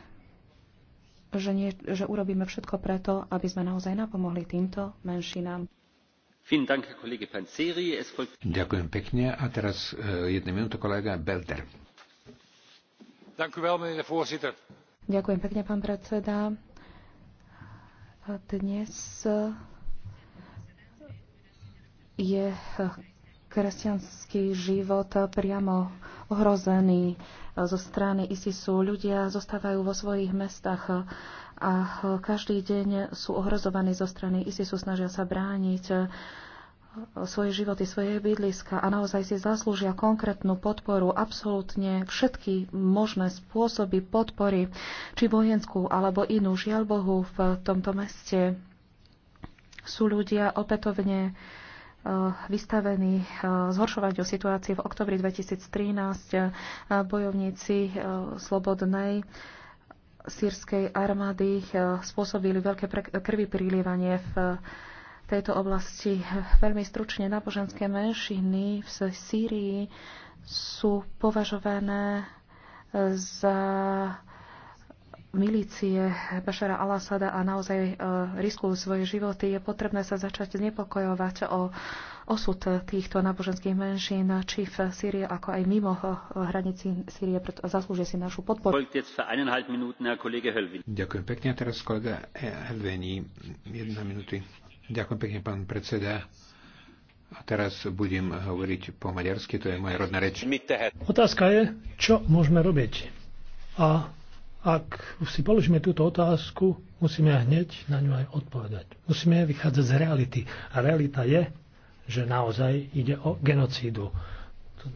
že, nie, že urobíme všetko preto, aby sme naozaj napomohli týmto menšinám. Ďakujem pekne. A teraz e, jedna minúta kolega Belder. Ďakujem pekne, pán predseda. Dnes je kresťanský život priamo ohrozený zo strany ISISu. Ľudia zostávajú vo svojich mestách a každý deň sú ohrozovaní zo strany ISISu, snažia sa brániť svoje životy, svoje bydliska a naozaj si zaslúžia konkrétnu podporu, absolútne všetky možné spôsoby podpory, či vojenskú alebo inú. Žiaľ Bohu, v tomto meste sú ľudia opätovne Eh, vystavení eh, zhoršovaniu situácie. V oktobri 2013 eh, bojovníci slobodnej sírskej armády spôsobili veľké krvi prilievanie v tejto oblasti. Veľmi stručne náboženské menšiny v Sýrii sú považované za milície Bašara Al-Asada a naozaj e, riskujú svoje životy, je potrebné sa začať znepokojovať o osud týchto náboženských menšín, či v Sýrii, ako aj mimo e, hranici Sýrie, preto zaslúžia si našu podporu. Ďakujem pekne. teraz kolega e, Helvení, jedna minúty. Ďakujem pekne, pán predseda. A teraz budem hovoriť po maďarsky, to je moja rodná reč. Otázka je, čo môžeme robiť. A ak si položíme túto otázku, musíme hneď na ňu aj odpovedať. Musíme vychádzať z reality. A realita je, že naozaj ide o genocídu.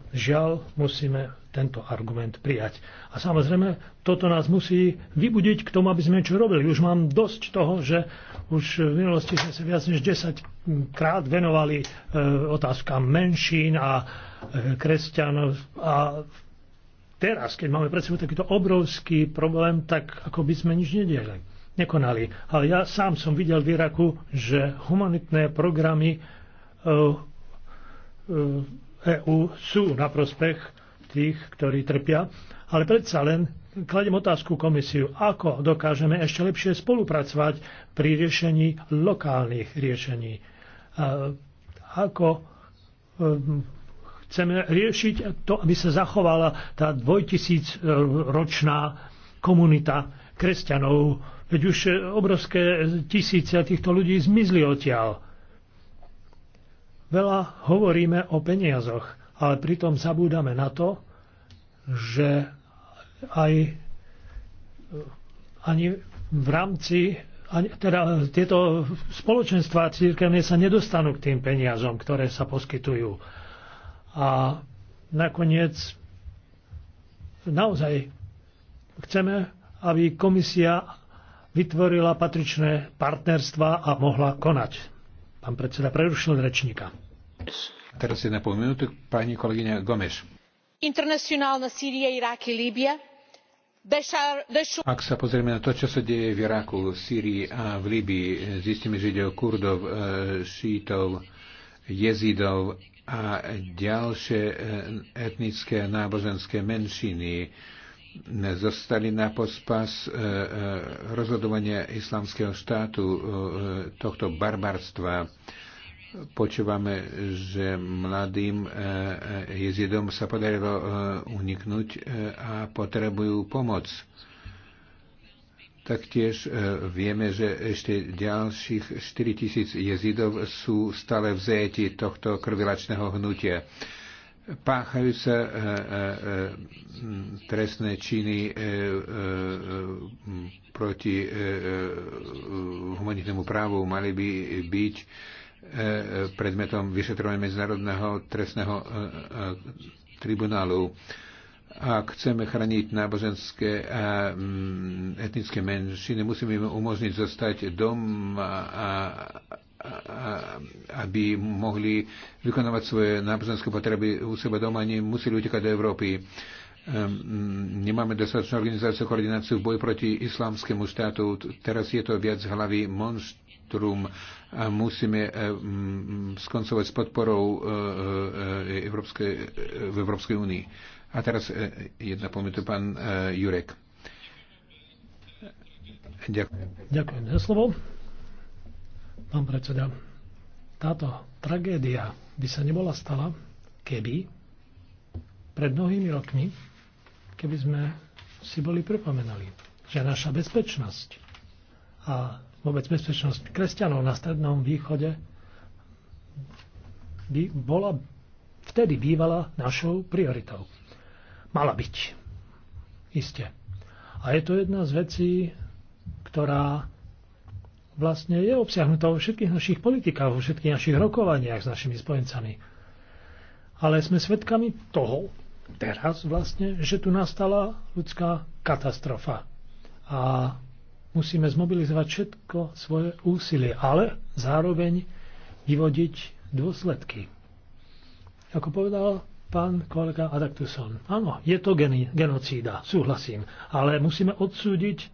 Žiaľ, musíme tento argument prijať. A samozrejme, toto nás musí vybudiť k tomu, aby sme čo robili. Už mám dosť toho, že už v minulosti sme sa viac než 10 krát venovali e, otázkam menšín a e, kresťanov a teraz, keď máme pred sebou takýto obrovský problém, tak ako by sme nič nedeli nekonali. Ale ja sám som videl v Iraku, že humanitné programy EU e, e sú na prospech tých, ktorí trpia, ale predsa len kladem otázku komisiu, ako dokážeme ešte lepšie spolupracovať pri riešení lokálnych riešení. Ako e, Chceme riešiť to, aby sa zachovala tá dvojtisícročná komunita kresťanov. Veď už obrovské tisíce týchto ľudí zmizli odtiaľ. Veľa hovoríme o peniazoch, ale pritom zabúdame na to, že aj ani v rámci teda tieto spoločenstvá církevne sa nedostanú k tým peniazom, ktoré sa poskytujú. A nakoniec naozaj chceme, aby komisia vytvorila patričné partnerstva a mohla konať. Pán predseda prerušil rečníka. Teraz jedna pol minúty pani kolegyňa Gomeš. Internacionálna Sýria, Irak a Líbia. Ak sa pozrieme na to, čo sa deje v Iraku, v Sýrii a v Líbii, zistíme, že ide o kurdov, e, šítov, jezidov a ďalšie e, etnické a náboženské menšiny zostali na pospas e, e, rozhodovania islamského štátu tohto barbarstva. Počúvame, že mladým jezidom sa podarilo uniknúť a potrebujú pomoc Taktiež e, vieme, že ešte ďalších 4 tisíc jezidov sú stále v zéti tohto krvilačného hnutia. Páchajú sa e, e, trestné činy proti humanitnému právu, mali by byť predmetom vyšetrovania Medzinárodného trestného tribunálu. Ak chceme chrániť náboženské a mm, etnické menšiny, musíme im umožniť zostať dom a a, aby mohli vykonávať svoje náboženské potreby u seba doma, ani museli utekať do Európy. Um, Nemáme dostatočnú organizáciu koordináciu v boji proti islamskému štátu. Teraz je to viac hlavy monštrum a musíme um, skoncovať s podporou uh, uh, uh, v Európskej únii. Uh, a teraz e, jedna pomitu, pán e, Jurek. Ďakujem. Ďakujem za slovo. Pán predseda, táto tragédia by sa nebola stala, keby pred mnohými rokmi, keby sme si boli pripomenali, že naša bezpečnosť a vôbec bezpečnosť kresťanov na Strednom východe by bola vtedy bývala našou prioritou mala byť. Isté. A je to jedna z vecí, ktorá vlastne je obsiahnutá vo všetkých našich politikách, vo všetkých našich rokovaniach s našimi spojencami. Ale sme svedkami toho, teraz vlastne, že tu nastala ľudská katastrofa. A musíme zmobilizovať všetko svoje úsilie, ale zároveň vyvodiť dôsledky. Ako povedal Pán kolega Adaktuson, áno, je to geni- genocída, súhlasím, ale musíme odsúdiť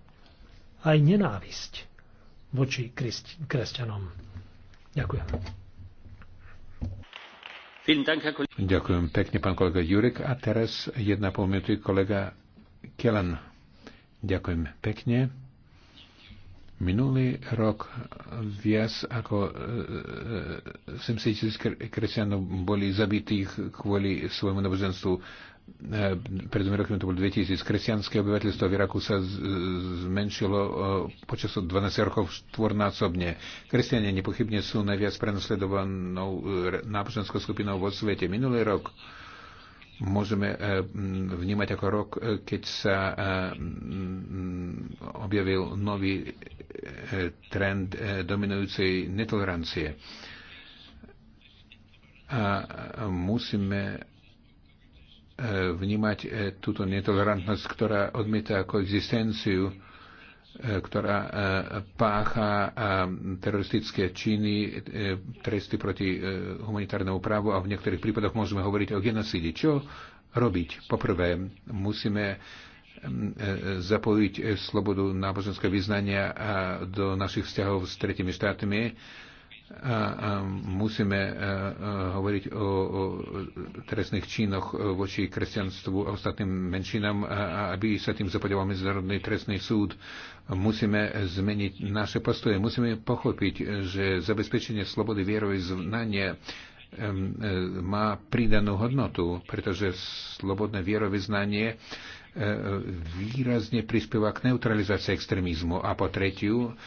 aj nenávisť voči kresť- kresťanom. Ďakujem. Ďakujem pekne, pán kolega Jurek. A teraz jedna minúty kolega Kelen. Ďakujem pekne. Minulý rok viac ako 70 e, e, kresťanov boli zabitých kvôli svojmu náboženstvu. E, pred dvomi rokmi to bolo 2000. Kresťanské obyvateľstvo v Iraku sa zmenšilo počas 12 rokov štvornásobne. Kresťania nepochybne sú najviac prenasledovanou náboženskou skupinou vo svete. Minulý rok môžeme eh, vnímať ako rok, eh, keď sa eh, objavil nový trend dominujúcej netolerancie. A musíme vnímať túto netolerantnosť, ktorá odmieta ako existenciu E, ktorá e, pácha e, teroristické činy, tresty proti humanitárnemu právu a v niektorých prípadoch môžeme hovoriť o genocíde. Čo robiť? Poprvé, musíme zapojiť slobodu náboženského vyznania do našich vzťahov s tretimi štátmi a, a musíme a, a, hovoriť o, o trestných činoch voči kresťanstvu a ostatným menšinám, a, aby sa tým zapadoval Medzinárodný trestný súd. Musíme zmeniť naše postoje, musíme pochopiť, že zabezpečenie slobody znania e, má pridanú hodnotu, pretože slobodné vierovýznanie e, výrazne prispieva k neutralizácii extrémizmu. A po tretiu,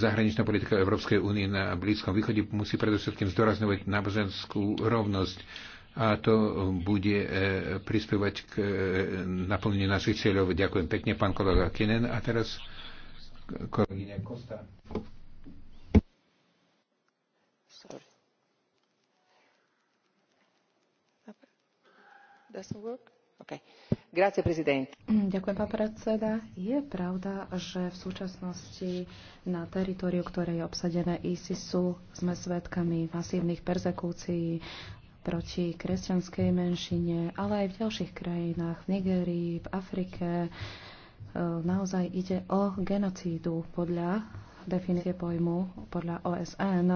zahraničná politika Európskej únie na Blízkom východe musí predovšetkým zdôrazňovať náboženskú rovnosť a to bude e, prispievať k e, naplneniu našich cieľov. Ďakujem pekne, pán kolega Kinen. A teraz kolegyňa Kosta. Sorry. Doesn't work? Mm, ďakujem, pán predseda. Je pravda, že v súčasnosti na teritoriu, ktoré je obsadené ISISu, sme svedkami masívnych persekúcií proti kresťanskej menšine, ale aj v ďalších krajinách, v Nigerii, v Afrike. E, naozaj ide o genocídu podľa definície pojmu, podľa OSN.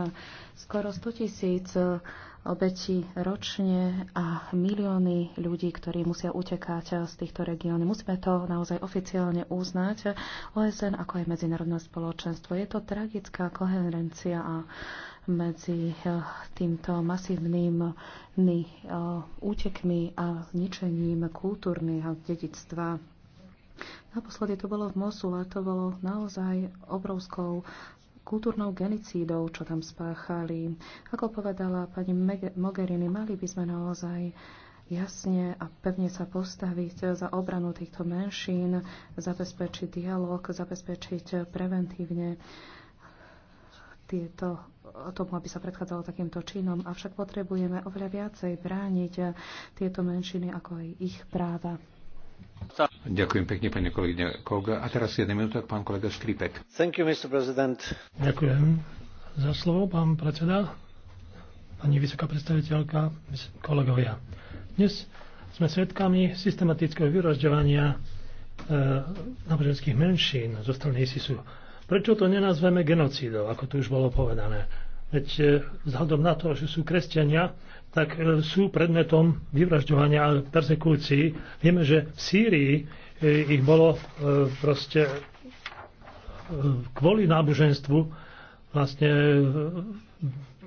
Skoro 100 tisíc 000 obeti ročne a milióny ľudí, ktorí musia utekať z týchto regiónov. Musíme to naozaj oficiálne uznať OSN ako aj medzinárodné spoločenstvo. Je to tragická koherencia a medzi eh, týmto masívnym eh, útekmi a ničením kultúrneho dedictva Naposledy to bolo v Mosule, to bolo naozaj obrovskou kultúrnou genicídou, čo tam spáchali. Ako povedala pani Mogherini, mali by sme naozaj jasne a pevne sa postaviť za obranu týchto menšín, zabezpečiť dialog, zabezpečiť preventívne tieto, tomu, aby sa predchádzalo takýmto činom. Avšak potrebujeme oveľa viacej brániť tieto menšiny, ako aj ich práva. Ďakujem pekne, pani kolegyňa Koga. A teraz jedna minúta, pán kolega Škripek. Thank you, Mr. President. Ďakujem za slovo, pán predseda, pani vysoká predstaviteľka, kolegovia. Dnes sme svedkami systematického vyrožďovania e, náboženských menšín zo strany ISISu. Prečo to nenazveme genocídou, ako tu už bolo povedané? Veď e, vzhľadom na to, že sú kresťania, tak e, sú predmetom vyvražďovania a persekúcií. Vieme, že v Sýrii e, ich bolo proste kvôli náboženstvu vlastne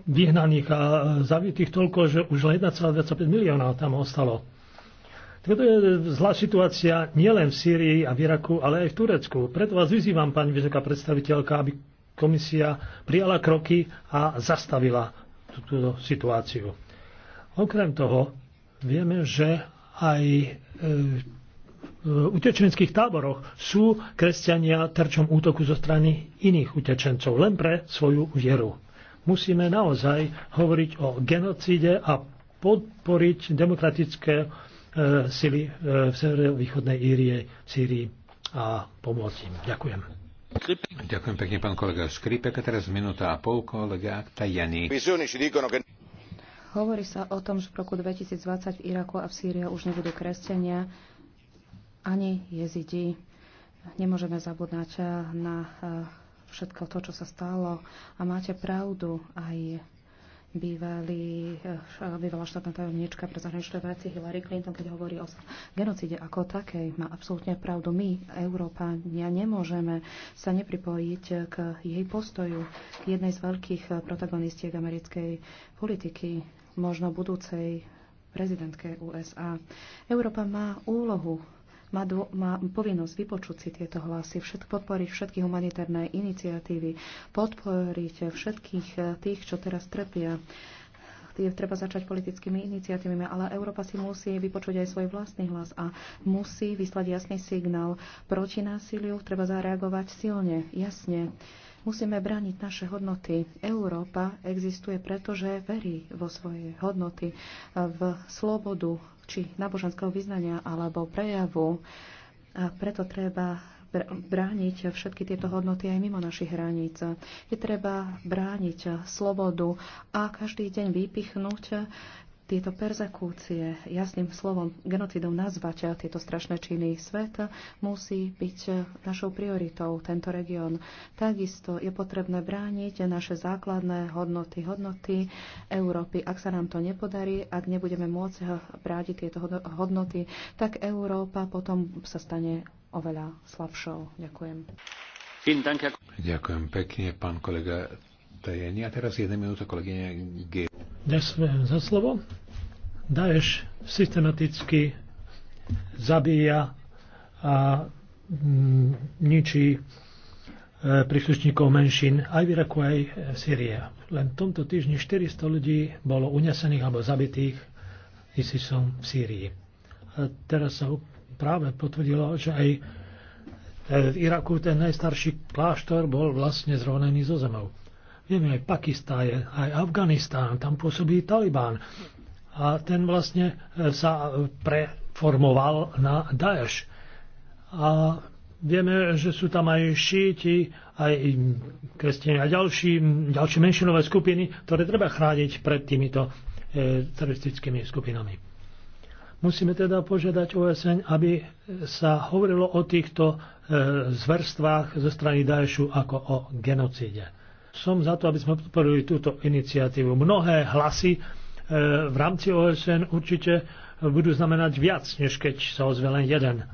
vyhnaných a zavitých toľko, že už 1,25 milióna tam ostalo. Toto je zlá situácia nielen v Sýrii a v Iraku, ale aj v Turecku. Preto vás vyzývam, pani vysoká predstaviteľka, aby komisia prijala kroky a zastavila túto situáciu. Okrem toho vieme, že aj e, v utečenských táboroch sú kresťania terčom útoku zo strany iných utečencov len pre svoju vieru. Musíme naozaj hovoriť o genocíde a podporiť demokratické e, sily e, v severovýchodnej Írie, Sýrii a pomôcť im. Ďakujem. Ďakujem pekne, pán kolega Škripek. A teraz minúta a pol, kolega Tajani. Hovorí sa o tom, že v roku 2020 v Iraku a v Sýrii už nebudú kresťania ani jezidi. Nemôžeme zabudnať eh, na eh, všetko to, čo sa stalo. A máte pravdu aj bývalý, eh, bývalá štátna tajomníčka pre zahraničné veci Hillary Clinton, keď hovorí o genocíde ako takej, má absolútne pravdu. My, Európania, nemôžeme sa nepripojiť k jej postoju, k jednej z veľkých protagonistiek americkej politiky, možno budúcej prezidentke USA. Európa má úlohu má, dô, má povinnosť vypočuť si tieto hlasy, všet, podporiť všetky humanitárne iniciatívy, podporiť všetkých tých, čo teraz trpia je treba začať politickými iniciatívami, ale Európa si musí vypočuť aj svoj vlastný hlas a musí vyslať jasný signál proti násiliu, treba zareagovať silne, jasne. Musíme brániť naše hodnoty. Európa existuje preto, že verí vo svoje hodnoty, v slobodu, či náboženského vyznania alebo prejavu. A preto treba brániť všetky tieto hodnoty aj mimo našich hraníc. Je treba brániť slobodu a každý deň vypichnúť tieto perzekúcie jasným slovom genocidou nazvať tieto strašné činy sveta musí byť našou prioritou tento región. Takisto je potrebné brániť naše základné hodnoty, hodnoty Európy. Ak sa nám to nepodarí, ak nebudeme môcť brádiť tieto hodnoty, tak Európa potom sa stane oveľa slabšou. Ďakujem. Ďakujem pekne, pán kolega Tajeni. A teraz jedna minúta kolegyne G. Ďakujem za slovo. Daesh systematicky zabíja a mm, ničí e, príslušníkov menšín aj v Iraku, aj v Syrie. Len v tomto týždni 400 ľudí bolo unesených alebo zabitých ISISom v Sýrii. A teraz sa práve potvrdilo, že aj e, v Iraku ten najstarší kláštor bol vlastne zrovnaný zo zemou. Vieme, aj Pakistán, aj Afganistán, tam pôsobí Talibán a ten vlastne e, sa e, preformoval na Daesh. A vieme, že sú tam aj šíti, aj kresťania a ďalší, ďalšie menšinové skupiny, ktoré treba chrániť pred týmito e, teroristickými skupinami. Musíme teda požiadať OSN, aby sa hovorilo o týchto e, zverstvách zo strany Daešu ako o genocíde. Som za to, aby sme podporili túto iniciatívu. Mnohé hlasy E, v rámci OSN určite budú znamenať viac, než keď sa ozve len jeden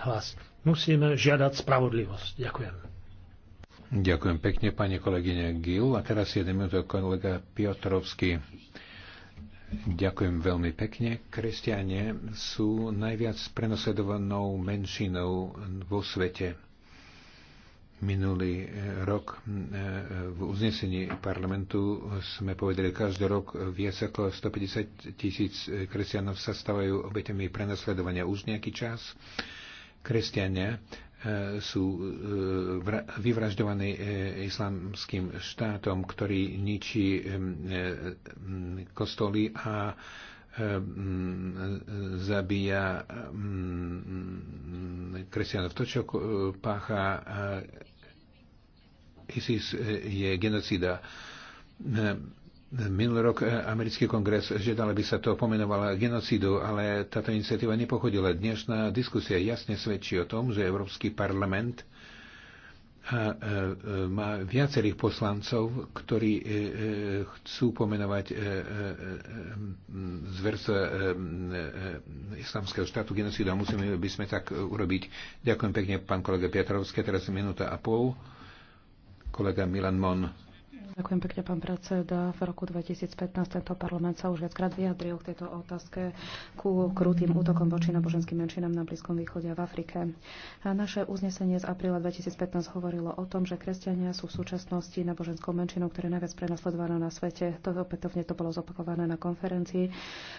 hlas. Musíme žiadať spravodlivosť. Ďakujem. Ďakujem pekne, pani kolegyne Gil. A teraz je minúta kolega Piotrovský. Ďakujem veľmi pekne. Kresťanie sú najviac prenosledovanou menšinou vo svete. Minulý e, rok e, v uznesení parlamentu sme povedali, každý rok viac ako 150 tisíc kresťanov sa stávajú obetami prenasledovania už nejaký čas. Kresťania e, sú vyvražďovaní islamským štátom, ktorý ničí kostoly a Ehm, zabíja ehm, kresťanov. To, čo e, pácha e, ISIS, e, je genocida. Minulý rok americký kongres žiadal, aby sa to pomenovalo genocidu, ale táto iniciatíva nepochodila. Dnešná diskusia jasne svedčí o tom, že Európsky parlament a e, e, má viacerých poslancov, ktorí e, chcú pomenovať zverstva islamského štátu genocídu a musíme by sme tak urobiť. Ďakujem pekne, pán kolega Piatrovský. Teraz minúta a pol. Kolega Milan Mon. Ďakujem pekne, pán predseda. V roku 2015 tento parlament sa už viackrát vyjadril k tejto otázke ku krutým útokom voči náboženským menšinám na Blízkom východe a v Afrike. A naše uznesenie z apríla 2015 hovorilo o tom, že kresťania sú v súčasnosti náboženskou menšinou, ktorá je najviac prenasledovaná na svete. To opätovne to bolo zopakované na konferencii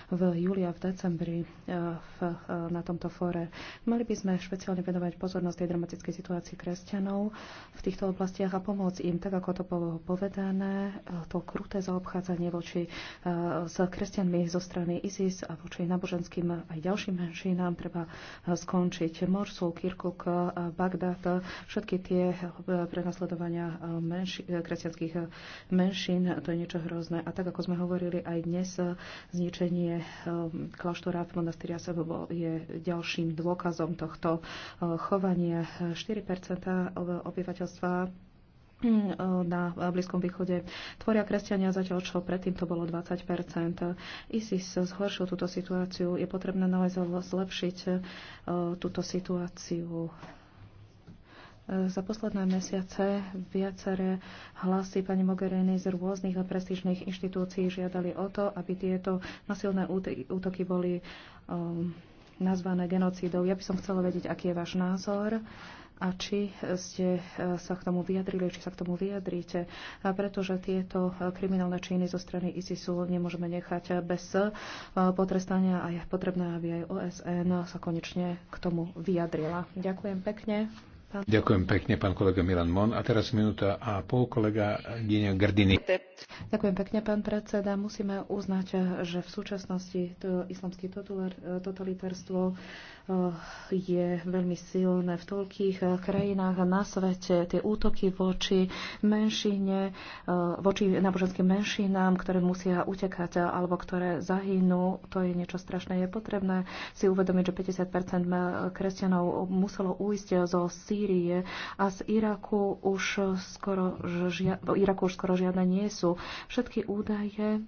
v júli a v decembri e, v, e, na tomto fóre. Mali by sme špeciálne venovať pozornosť tej dramatickej situácii kresťanov v týchto oblastiach a pomôcť im, tak ako to bolo povedané zaznamenané eh, to kruté zaobchádzanie voči eh, s kresťanmi zo strany ISIS a voči náboženským aj ďalším menšinám treba eh, skončiť. Morsul, Kirkuk, Bagdad, všetky tie prenasledovania menši, kresťanských menšín, to je niečo hrozné. A tak, ako sme hovorili aj dnes, zničenie kláštora monastíria Sebovo je ďalším dôkazom tohto chovania. 4 obyvateľstva Mm, na Blízkom východe tvoria kresťania, zatiaľ čo predtým to bolo 20 ISIS zhoršil túto situáciu. Je potrebné naozaj zlepšiť e, túto situáciu. E, za posledné mesiace viaceré hlasy pani Mogherini z rôznych prestížnych inštitúcií žiadali o to, aby tieto nasilné útoky boli um, nazvané genocídou. Ja by som chcela vedieť, aký je váš názor. Uh, a či ste e, sa k tomu vyjadrili, či sa k tomu vyjadríte, pretože tieto e, kriminálne činy zo strany ISISu nemôžeme nechať e, bez potrestania a je potrebné, aby aj OSN sa konečne k tomu vyjadrila. Ďakujem pekne. Pán... Ďakujem pekne, pán kolega Milan Mon. A teraz minúta a pol kolega Gine Gardini. Ďakujem pekne, pán predseda. Musíme uznať, že v súčasnosti to islamské totalitárstvo Eh, je veľmi silné v toľkých eh, krajinách na svete. Tie útoky voči menšine, eh, voči náboženským menšinám, ktoré musia utekať alebo ktoré zahynú, to je niečo strašné. Je potrebné si uvedomiť, že 50 kresťanov muselo uísť zo Sýrie a z Iraku už skoro, žia, Iraku už skoro žiadne nie sú. Všetky údaje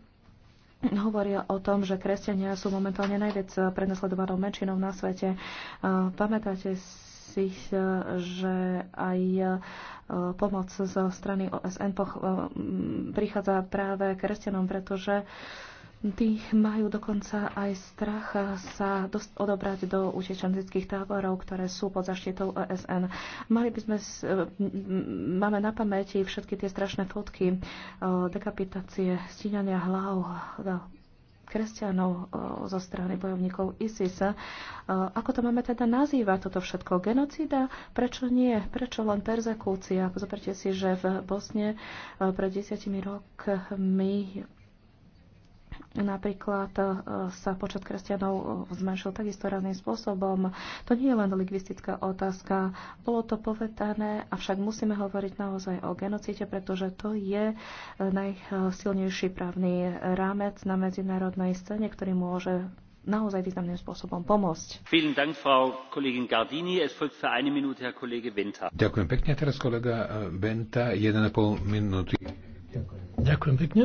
hovoria o tom, že kresťania sú momentálne najviac prenasledovanou menšinou na svete. Pamätáte si, e, že aj e, pomoc zo strany OSN e, prichádza práve kresťanom, pretože Tí majú dokonca aj strach sa dosť odobrať do utečenických táborov, ktoré sú pod zaštitou OSN. Mali by sme, máme na pamäti všetky tie strašné fotky, dekapitácie, stíňania hlav, kresťanov zo strany bojovníkov ISIS. Ako to máme teda nazývať toto všetko? Genocída? Prečo nie? Prečo len perzekúcia? Pozrite si, že v Bosne pred desiatimi rokmi Napríklad e, sa počet kresťanov e, zmenšil takisto raným spôsobom. To nie je len lingvistická otázka. Bolo to povedané, avšak musíme hovoriť naozaj o genocíde, pretože to je e, najsilnejší právny rámec na medzinárodnej scéne, ktorý môže naozaj významným spôsobom pomôcť. Ďakujem pekne teraz kolega Benta, 1,5 minúty. Ďakujem pekne.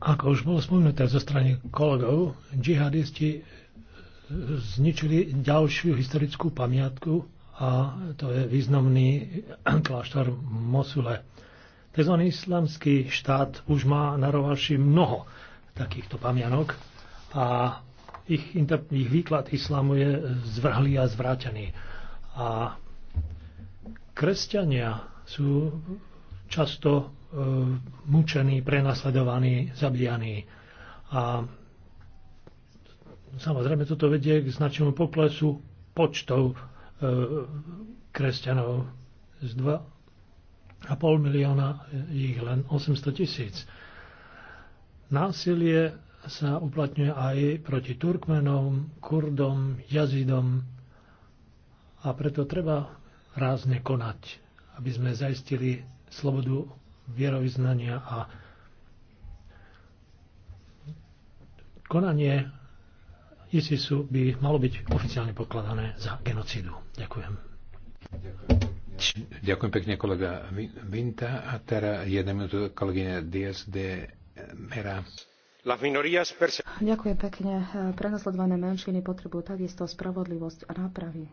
Ako už bolo spomenuté zo strany kolegov, džihadisti zničili ďalšiu historickú pamiatku a to je významný kláštor Mosule. Tzv. islamský štát už má na rovaši mnoho takýchto pamianok a ich, ich výklad islámu je zvrhlý a zvrátený. A kresťania sú často E, mučení, prenasledovaní, zabíjaní. A samozrejme toto vedie k značnému poklesu počtov e, kresťanov z 2,5 milióna ich len 800 tisíc. Násilie sa uplatňuje aj proti Turkmenom, Kurdom, Jazidom a preto treba rázne konať, aby sme zaistili slobodu vierovýznania a konanie ISISu by malo byť oficiálne pokladané za genocídu. Ďakujem. Ďakujem, Ďakujem pekne kolega Vinta a teraz jedna minúta kolegyňa Diaz de Mera. Ďakujem pekne. Prenasledované menšiny potrebujú takisto spravodlivosť a nápravy.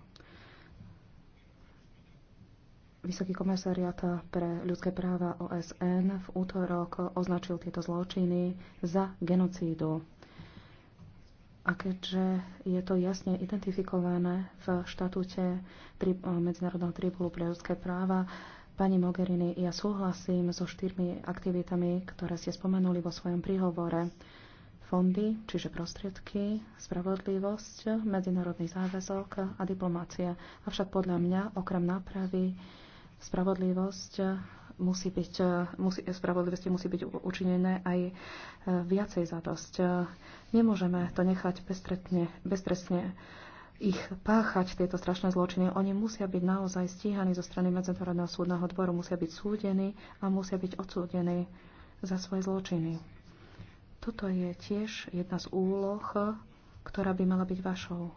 Vysoký komisariat pre ľudské práva OSN v útorok označil tieto zločiny za genocídu. A keďže je to jasne identifikované v štatúte tri, eh, Medzinárodného tribulu pre ľudské práva, pani Mogherini, ja súhlasím so štyrmi aktivitami, ktoré ste spomenuli vo svojom príhovore. Fondy, čiže prostriedky, spravodlivosť, medzinárodný záväzok a diplomácia. Avšak podľa mňa, okrem nápravy, Spravodlivosť eh, musí byť, eh, musí, spravodlivosti musí byť učinené aj eh, viacej za dosť. Nemôžeme to nechať bezstretne, beztrestne ich páchať, tieto strašné zločiny. Oni musia byť naozaj stíhaní zo strany Medzinárodného súdneho dvoru, musia byť súdení a musia byť odsúdení za svoje zločiny. Toto je tiež jedna z úloh, ktorá by mala byť vašou.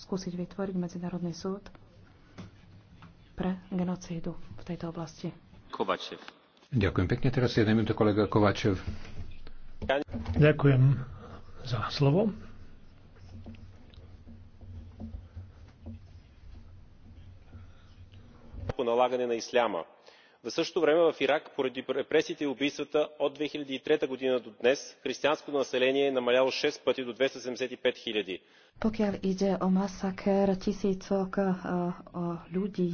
Skúsiť vytvoriť Medzinárodný súd, pre genocídu v tejto oblasti. Kovačev. Ďakujem pekne. Teraz je minúta kolega Kovačev. Ďakujem za slovo. налагане на исляма в същото време в ирак поради репресиите и убийствата от 2003 г. до днес християнското население е намаляло 6 пъти до 275 000. Pokiaľ ide o masakér tisícok ľudí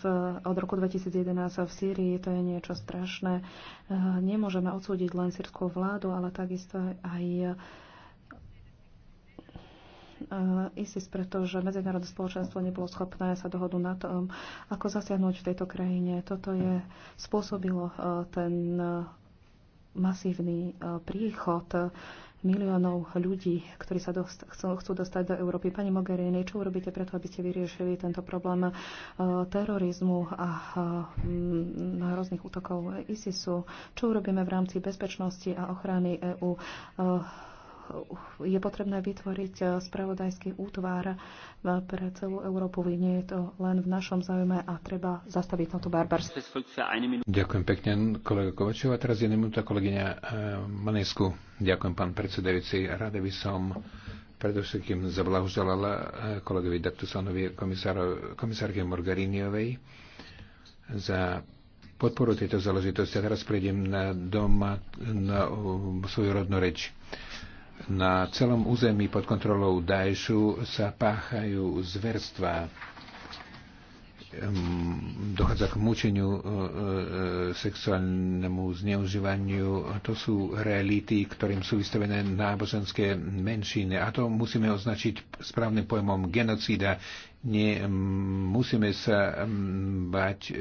v, od roku 2011 v Sýrii, to je niečo strašné. Nemôžeme odsúdiť len sírskú vládu, ale takisto aj Eh, ISIS, pretože medzinárodné spoločenstvo nebolo schopné sa dohodnúť na tom, ako zasiahnuť v tejto krajine. Toto je spôsobilo eh, ten eh, masívny príchod miliónov ľudí, ktorí sa dost, chcú, chcú dostať do Európy. Pani Mogherini, čo urobíte preto, aby ste vyriešili tento problém terorizmu a hrozných útokov ISISu? Čo urobíme v rámci bezpečnosti a ochrany EÚ? je potrebné vytvoriť eh, spravodajský útvar eh, pre celú Európu. Nie je to len v našom záujme a treba zastaviť toto barbarstvo. Ďakujem pekne, kolega Kovačov. teraz je minúta kolegyňa eh, Manesku. Ďakujem, pán predsedajúci. Rada by som predovšetkým zablahoželala kolegovi Daktusanovi komisárke Morgariniovej za podporu tejto záležitosti. A teraz prejdem na doma, na svoju rodnú reč. Na celom území pod kontrolou Daešu sa páchajú zverstva, Dochádza k mučeniu, e, e, sexuálnemu zneužívaniu. To sú reality, ktorým sú vystavené náboženské menšiny. A to musíme označiť správnym pojmom genocída. Nie, musíme sa bať e,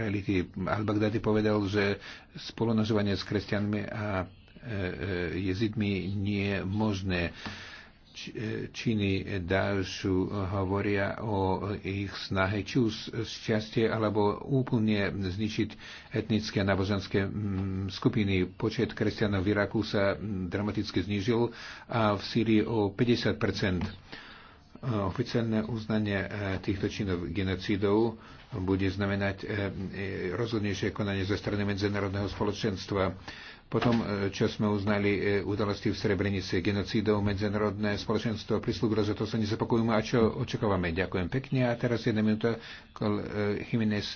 reality. Al-Baghdadi povedal, že spolonožovanie s kresťanmi a E, e, jezidmi nie je možné. E, činy dalšiu hovoria o ich snahe či už šťastie alebo úplne zničiť etnické a náboženské skupiny. Počet kresťanov v Iraku sa dramaticky znižil a v Sýrii o 50 Oficiálne uznanie týchto činov genocidov bude znamenať rozhodnejšie konanie ze strany medzinárodného spoločenstva potom, e, čo sme uznali e, udalosti v Srebrenici, genocídov, medzinárodné spoločenstvo prislúbilo, že to sa nezapokojíme a čo očakávame. Ďakujem pekne. A teraz jedna minúta, kol e, Jiménez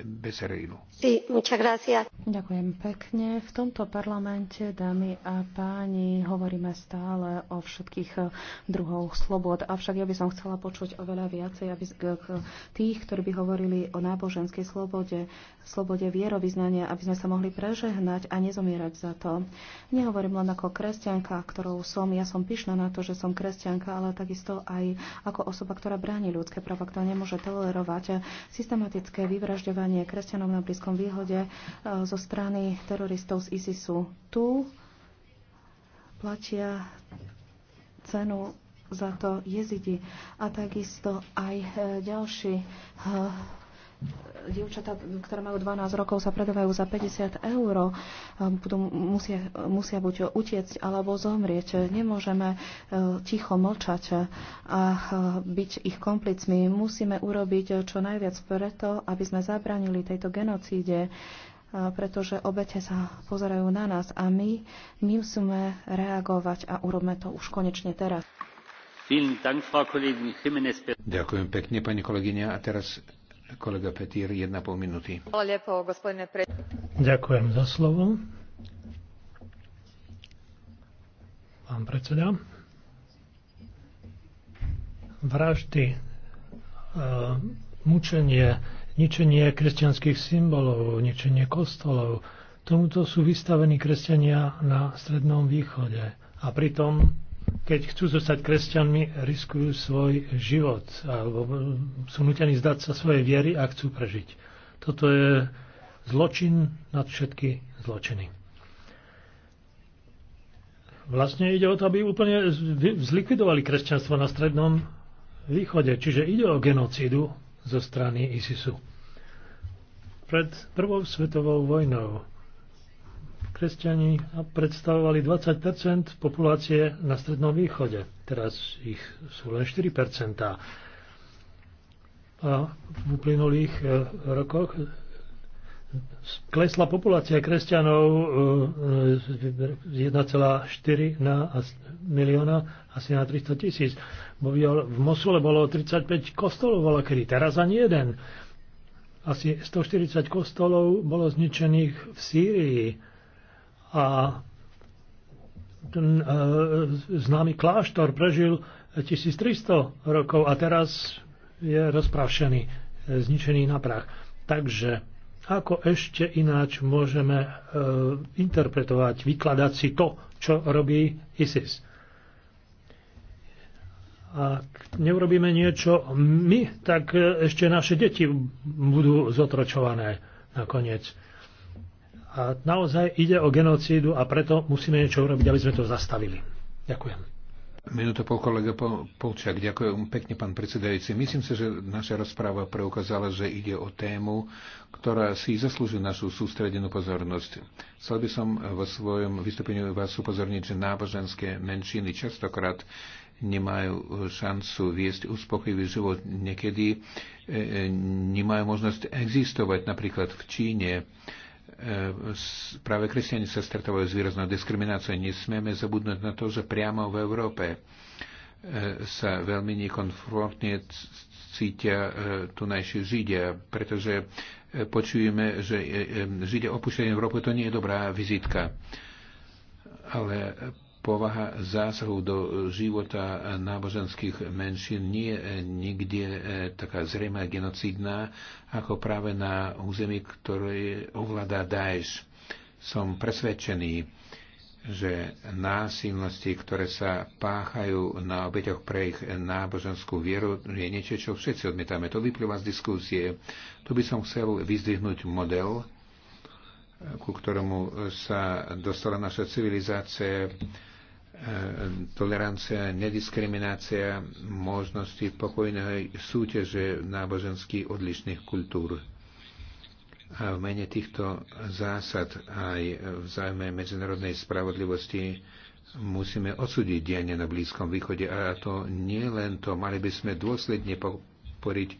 Becerril. Sí, muchas gracias. Ďakujem pekne. V tomto parlamente, dámy a páni, hovoríme stále o všetkých druhov slobod. Avšak ja by som chcela počuť oveľa viacej aby, k tých, ktorí by hovorili o náboženskej slobode, slobode vierovýznania, aby sme sa mohli prežehnať a nezomierať za to. Nehovorím len ako kresťanka, ktorou som. Ja som pyšná na to, že som kresťanka, ale takisto aj ako osoba, ktorá bráni ľudské práva, ktorá nemôže tolerovať systematické vyvražďovanie prenasledovanie kresťanov na Blízkom výhode e, zo strany teroristov z ISISu. Tu platia cenu za to jezidi a takisto aj e, ďalší dievčatá, ktoré majú 12 rokov, sa predávajú za 50 eur, ehm, musia, musia buď utiecť alebo zomrieť. Nemôžeme e, ticho mlčať a e, byť ich komplicmi. Musíme urobiť e, čo najviac preto, aby sme zabranili tejto genocíde pretože obete sa pozerajú na nás a my, my musíme reagovať a urobme to už konečne teraz. Ďakujem pekne, pani kolegyňa. A teraz Kolega Petír, minúty. Ďakujem za slovo. Pán predseda. Vraždy, e, mučenie, ničenie kresťanských symbolov, ničenie kostolov. Tomuto sú vystavení kresťania na Strednom východe. A pritom keď chcú zostať kresťanmi, riskujú svoj život alebo sú nutení zdať sa svojej viery a chcú prežiť. Toto je zločin nad všetky zločiny. Vlastne ide o to, aby úplne zlikvidovali kresťanstvo na Strednom východe, čiže ide o genocídu zo strany ISISu. Pred prvou svetovou vojnou kresťani predstavovali 20 populácie na Strednom východe. Teraz ich sú len 4 A v uplynulých e, rokoch klesla populácia kresťanov e, z 1,4 na milióna asi na 300 tisíc. V Mosule bolo 35 kostolov bola kedy, teraz ani jeden. Asi 140 kostolov bolo zničených v Sýrii a ten e, známy kláštor prežil 1300 rokov a teraz je rozprášený, e, zničený na prach. Takže ako ešte ináč môžeme e, interpretovať, vykladať si to, čo robí ISIS? Ak neurobíme niečo my, tak ešte naše deti budú zotročované nakoniec. A naozaj ide o genocídu a preto musíme niečo urobiť, aby sme to zastavili. Ďakujem. Minúto po kolega Polčák. Ďakujem pekne, pán predsedajúci. Myslím si, že naša rozpráva preukázala, že ide o tému, ktorá si zaslúži našu sústredenú pozornosť. Chcel by som vo svojom vystúpeniu vás upozorniť, že náboženské menšiny častokrát nemajú šancu viesť uspokojivý život. Niekedy e, e, nemajú možnosť existovať, napríklad v Číne E, práve kresťania sa stretávajú s výraznou diskrimináciou. Nesmieme zabudnúť na to, že priamo v Európe e, sa veľmi nekonfortne cítia e, najšie Židia, pretože počujeme, že Židia opúšťajú Európu, to nie je dobrá vizitka. Ale povaha zásahu do života náboženských menšín nie je nikde e, taká zrejme genocidná, ako práve na území, ktoré ovláda Daesh. Som presvedčený, že násilnosti, ktoré sa páchajú na obeťoch pre ich náboženskú vieru, je niečo, čo všetci odmietame. To vyplýva z diskusie. Tu by som chcel vyzdvihnúť model, ku ktorému sa dostala naša civilizácia Eh, tolerancia, nediskriminácia, možnosti pokojnej súťaže nábožensky odlišných kultúr. A v mene týchto zásad aj v zájme medzinárodnej spravodlivosti musíme odsúdiť dianie na Blízkom východe a to nie len to, mali by sme dôsledne podporiť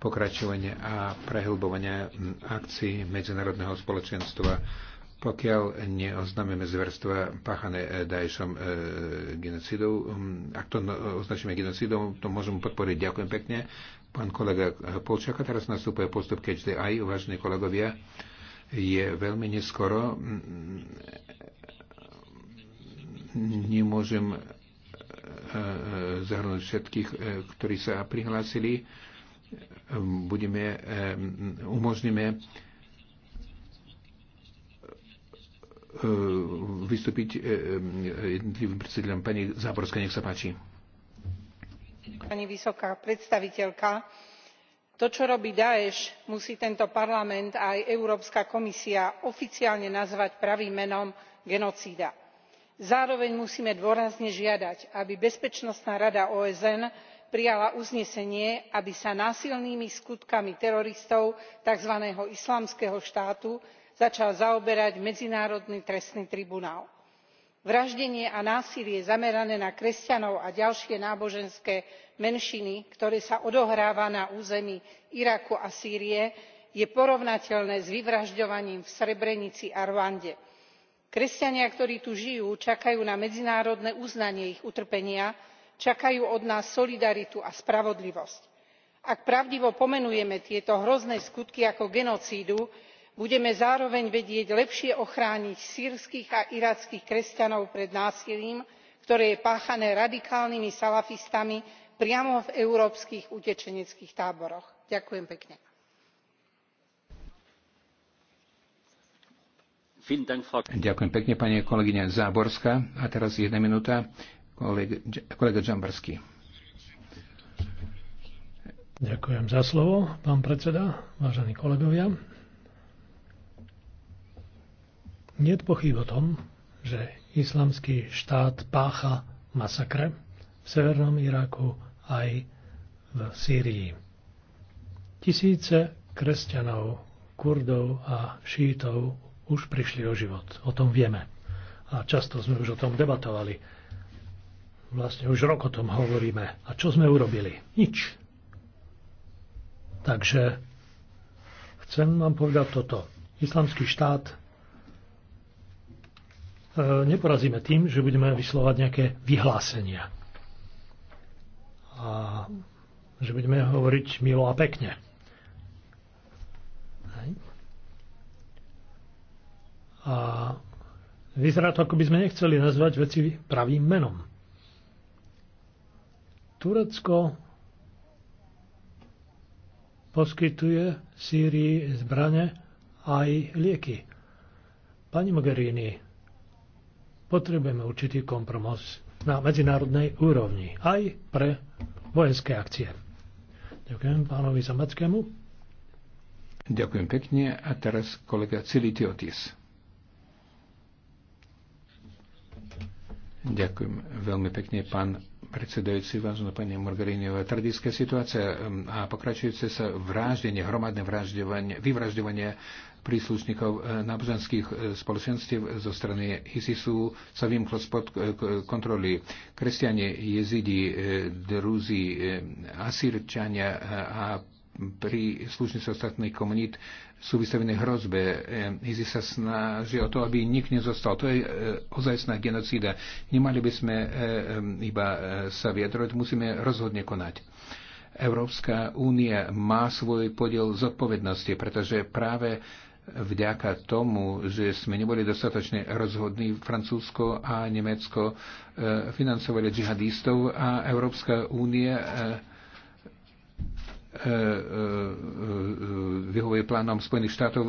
pokračovanie a prehlbovanie akcií medzinárodného spoločenstva pokiaľ neoznameme zverstva páchané eh, Daešom e, eh, genocidou, hm, ak to no, označíme genocidou, to môžeme podporiť. Ďakujem pekne. Pán kolega eh, Polčaka, teraz nastupuje postup KHD aj, vážení kolegovia. Je veľmi neskoro. Nemôžem zahrnúť všetkých, ktorí sa prihlásili. Budeme, umožníme E, vystúpiť e, e, jednotlivým predsedom. Pani Záborská, nech sa páči. Pani vysoká predstaviteľka, to, čo robí Daesh, musí tento parlament a aj Európska komisia oficiálne nazvať pravým menom genocída. Zároveň musíme dôrazne žiadať, aby Bezpečnostná rada OSN prijala uznesenie aby sa násilnými skutkami teroristov tzv. islamského štátu začal zaoberať medzinárodný trestný tribunál. vraždenie a násilie zamerané na kresťanov a ďalšie náboženské menšiny ktoré sa odohráva na území iraku a sýrie je porovnateľné s vyvražďovaním v srebrenici a rwande. kresťania ktorí tu žijú čakajú na medzinárodné uznanie ich utrpenia čakajú od nás solidaritu a spravodlivosť. ak pravdivo pomenujeme tieto hrozné skutky ako genocídu budeme zároveň vedieť lepšie ochrániť sýrskych a irackých kresťanov pred násilím ktoré je páchané radikálnymi salafistami priamo v európskych utečeneckých táboroch. ďakujem pekne. ďakujem pekne pani kolegyňa a teraz jedna kolega, Ďakujem za slovo, pán predseda, kolegovia. Nie je pochyb o tom, že islamský štát pácha masakre v severnom Iraku aj v Sýrii. Tisíce kresťanov, kurdov a šítov už prišli o život. O tom vieme. A často sme už o tom debatovali. Vlastne už rok o tom hovoríme. A čo sme urobili? Nič. Takže chcem vám povedať toto. Islamský štát E, neporazíme tým, že budeme vyslovať nejaké vyhlásenia. A že budeme hovoriť milo a pekne. A vyzerá to, ako by sme nechceli nazvať veci pravým menom. Turecko poskytuje Sýrii zbrane aj lieky. Pani Mogherini, potrebujeme určitý kompromis na medzinárodnej úrovni, aj pre vojenské akcie. Ďakujem pánovi Zamackému. Ďakujem pekne. A teraz kolega Cilitiotis. Ďakujem veľmi pekne, pán predsedajúci, vážená pani Morgariniová. Tradická situácia hm, a pokračujúce sa vraždenie, hromadné vyvražďovanie príslušníkov e, náboženských e, spoločenstiev zo strany ISISu sa vymklo spod e, kontroly. Kresťanie, jezidi, drúzi, asírčania a pri príslušníci ostatných komunít sú vystavené hrozbe. Izi sa snaží o to, aby nik nezostal. To je ozajstná genocída. Nemali by sme iba sa vyjadrovať, musíme rozhodne konať. Európska únia má svoj podiel zodpovednosti, pretože práve vďaka tomu, že sme neboli dostatočne rozhodní, Francúzsko a Nemecko e, financovali džihadistov a Európska únie e, e, vyhovuje plánom Spojených štátov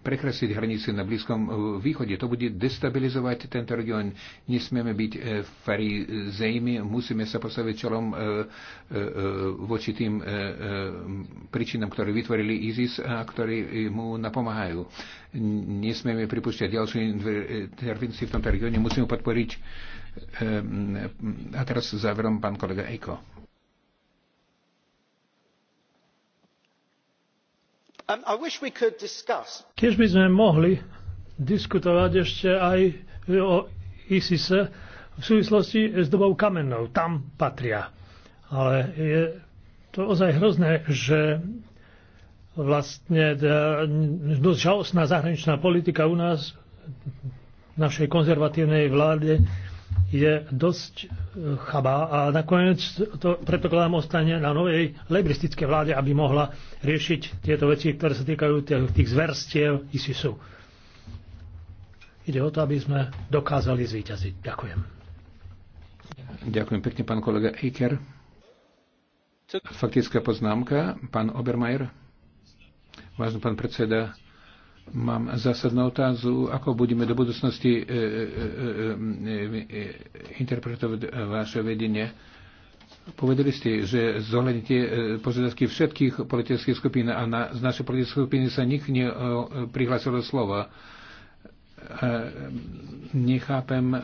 prekrasiť hranice na Blízkom eh, východe. To bude destabilizovať tento región. Nesmieme byť eh, farizejmi, musíme sa postaviť čelom eh, voči tým príčinám, ktoré vytvorili ISIS a ktorí mu napomáhajú. Nesmieme pripúšťať ďalšie intervencie v tomto regióne, musíme podporiť. Mm, a teraz záverom pán kolega Eko. Um, Tiež by sme mohli diskutovať ešte aj e, o ISIS v súvislosti s dobou kamennou. Tam patria. Ale je to ozaj hrozné, že vlastne e, dosť žalostná zahraničná politika u nás našej konzervatívnej vláde je dosť e, chabá a nakoniec to predpokladám ostane na novej lebristickej vláde, aby mohla riešiť tieto veci, ktoré sa týkajú tých zverstiev ISISu. Ide o to, aby sme dokázali zvíťaziť. Ďakujem. Ďakujem pekne, pán kolega Eiker. Faktická poznámka, pán Obermajer. Vážny pán predseda, Mám zásadnú otázku, ako budeme do budúcnosti e, e, e, interpretovať vaše vedenie. Povedali ste, že zohľadíte požiadavky všetkých politických skupín a na, z našej politickej skupiny sa nik neprihlasilo slovo. E, nechápem, e,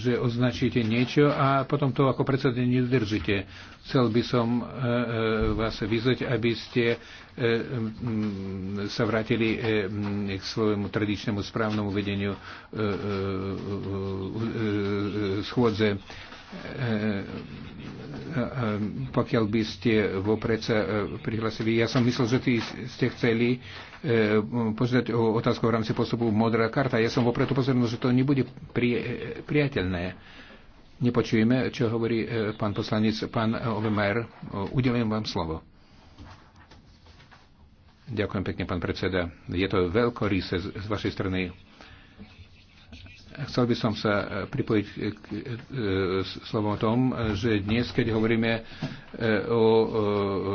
že označíte niečo a potom to ako predseda nedržíte. Chcel by som e, vás vyzvať, aby ste sa vrátili k svojmu tradičnému správnemu vedeniu schôdze. Eh, eh, pokiaľ by ste vopred sa eh, prihlasili. Ja som myslel, že ste chceli požiadať o otázku v rámci postupu modrá karta. Ja som vopred upozornil, že to nebude pri, priateľné. Nepočujeme, čo hovorí pán poslanec, pán Obemeyer. Udelujem vám slovo. Ďakujem pekne, pán predseda. Je to veľkorýse z vašej strany Chcel by som sa e, pripojiť k e, slovom o tom, že dnes, keď hovoríme e, o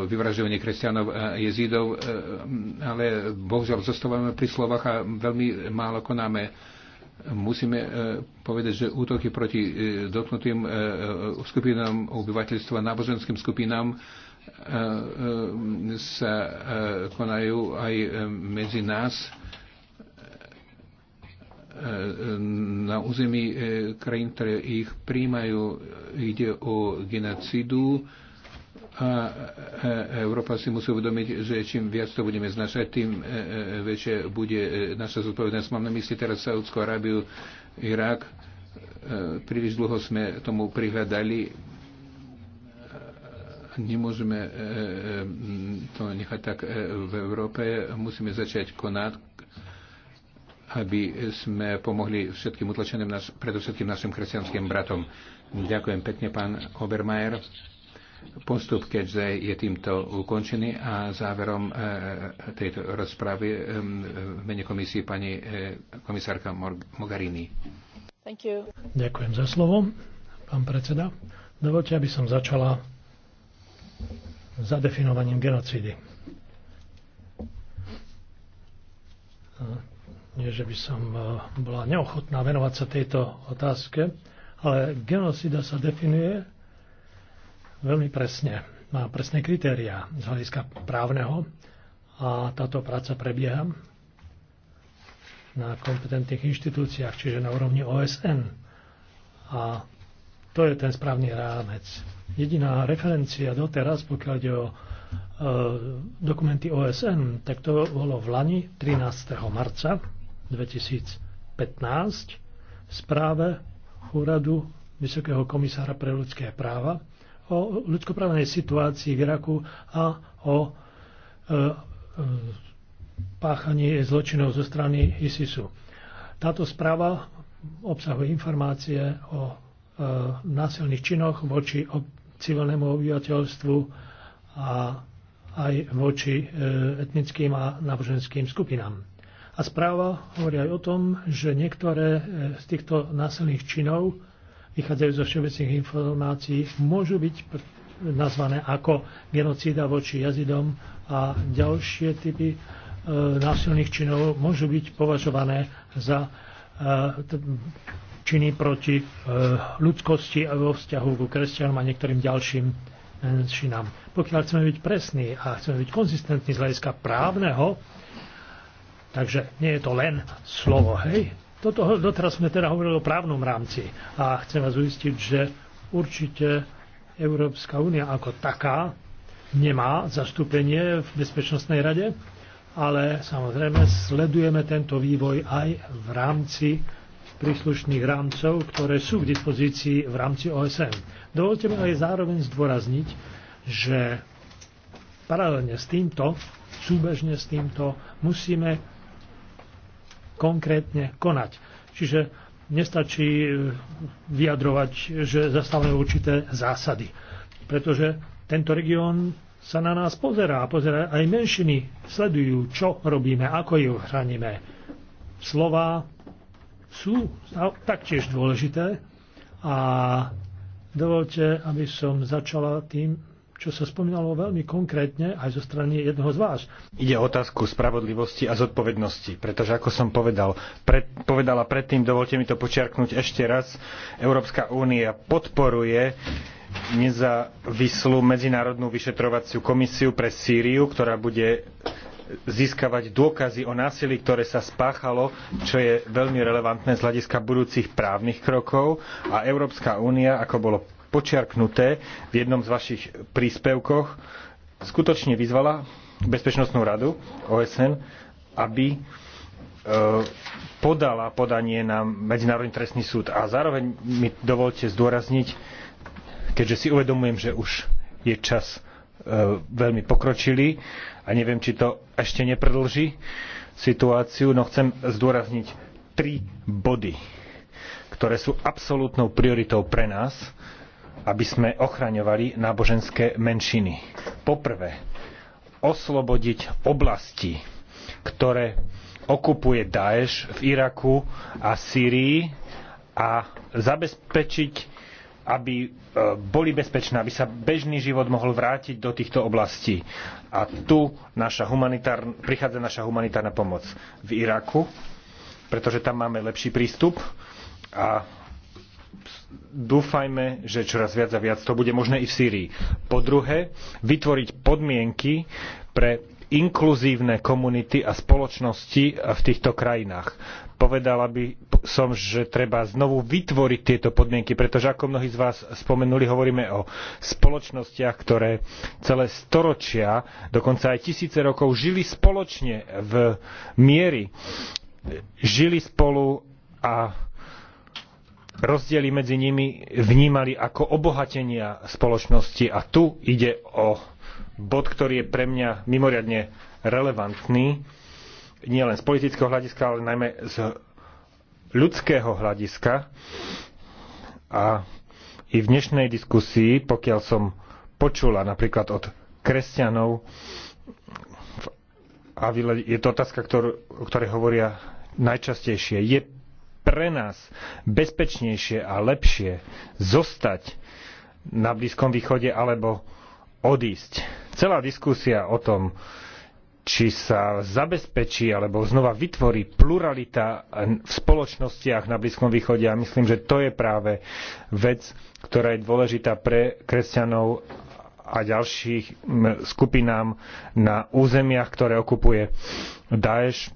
vyvražďovaní kresťanov a jezídov, ale bohužiaľ zostávame pri slovách a veľmi málo konáme. Musíme povedať, že útoky proti dotknutým skupinám obyvateľstva, náboženským skupinám sa konajú aj medzi nás E, na území e, krajín, ktoré ich príjmajú, ide o genocidu a e, Európa si musí uvedomiť, že čím viac to budeme znašať, tým väčšia bude naša zodpovednosť. Mám na mysli teraz Saudskú Arábiu, Irak. Príliš dlho sme tomu prihľadali. Nemôžeme to nechať tak v Európe. Musíme začať konať aby sme pomohli všetkým utlačeným, naš, predovšetkým našim kresťanským bratom. Ďakujem pekne, pán Obermajer. Postup, keďže je týmto ukončený a záverom e, e tejto rozpravy e, e mene komisie pani e, komisárka Mogarini. Thank you. Ďakujem za slovo, pán predseda. Dovolte, aby som začala zadefinovaním genocídy. nie že by som eh, bola neochotná venovať sa tejto otázke, ale genocida sa definuje veľmi presne. Má presné kritériá z hľadiska právneho a táto práca prebieha na kompetentných inštitúciách, čiže na úrovni OSN. A to je ten správny rámec. Jediná referencia doteraz, pokiaľ ide o e, dokumenty OSN, tak to bolo v Lani 13. marca 2015 v správe Úradu Vysokého komisára pre ľudské práva o ľudskoprávnej situácii v Iraku a o e, e, páchaní zločinov zo strany ISISu. Táto správa obsahuje informácie o e, násilných činoch voči ob, civilnému obyvateľstvu a aj voči e, etnickým a náboženským skupinám. A správa hovorí aj o tom, že niektoré e, z týchto násilných činov, vychádzajú zo všeobecných informácií, môžu byť nazvané ako genocída voči jazidom a ďalšie typy e, násilných činov môžu byť považované za e, činy proti e, ľudskosti a vo vzťahu ku kresťanom a niektorým ďalším e, činám. Pokiaľ chceme byť presní a chceme byť konzistentní z hľadiska právneho, Takže nie je to len slovo, hej. Toto, doteraz sme teda hovorili o právnom rámci a chcem vás uistiť, že určite Európska únia ako taká nemá zastúpenie v Bezpečnostnej rade, ale samozrejme sledujeme tento vývoj aj v rámci príslušných rámcov, ktoré sú k dispozícii v rámci OSN. Dovolte mi aj zároveň zdôrazniť, že paralelne s týmto, súbežne s týmto, musíme konkrétne konať. Čiže nestačí e, vyjadrovať, že zastávame určité zásady. Pretože tento región sa na nás pozerá a pozerá aj menšiny, sledujú, čo robíme, ako ju hraníme. Slova sú taktiež dôležité a dovolte, aby som začala tým, čo sa spomínalo veľmi konkrétne aj zo strany jedného z vás. Ide o otázku spravodlivosti a zodpovednosti, pretože ako som povedal, pred, povedala predtým, dovolte mi to počiarknúť ešte raz, Európska únia podporuje nezávislú medzinárodnú vyšetrovaciu komisiu pre Sýriu, ktorá bude získavať dôkazy o násilí, ktoré sa spáchalo, čo je veľmi relevantné z hľadiska budúcich právnych krokov. A Európska únia, ako bolo počiarknuté v jednom z vašich príspevkoch, skutočne vyzvala Bezpečnostnú radu OSN, aby e, podala podanie na Medzinárodný trestný súd. A zároveň mi dovolte zdôrazniť, keďže si uvedomujem, že už je čas e, veľmi pokročilý a neviem, či to ešte nepredlží situáciu, no chcem zdôrazniť tri body, ktoré sú absolútnou prioritou pre nás aby sme ochraňovali náboženské menšiny. Poprvé, oslobodiť oblasti, ktoré okupuje Daesh v Iraku a Sýrii a zabezpečiť, aby e, boli bezpečné, aby sa bežný život mohol vrátiť do týchto oblastí. A tu naša prichádza naša humanitárna pomoc v Iraku, pretože tam máme lepší prístup a dúfajme, že čoraz viac a viac to bude možné i v Sýrii. Po druhé, vytvoriť podmienky pre inkluzívne komunity a spoločnosti v týchto krajinách. Povedala by som, že treba znovu vytvoriť tieto podmienky, pretože ako mnohí z vás spomenuli, hovoríme o spoločnostiach, ktoré celé storočia, dokonca aj tisíce rokov, žili spoločne v miery, žili spolu a rozdiely medzi nimi vnímali ako obohatenia spoločnosti a tu ide o bod, ktorý je pre mňa mimoriadne relevantný, nielen z politického hľadiska, ale najmä z ľudského hľadiska. A i v dnešnej diskusii, pokiaľ som počula napríklad od kresťanov, a je to otázka, o ktorej hovoria najčastejšie. Je pre nás bezpečnejšie a lepšie zostať na Blízkom východe alebo odísť. Celá diskusia o tom, či sa zabezpečí alebo znova vytvorí pluralita v spoločnostiach na Blízkom východe. A myslím, že to je práve vec, ktorá je dôležitá pre kresťanov a ďalších skupinám na územiach, ktoré okupuje Daesh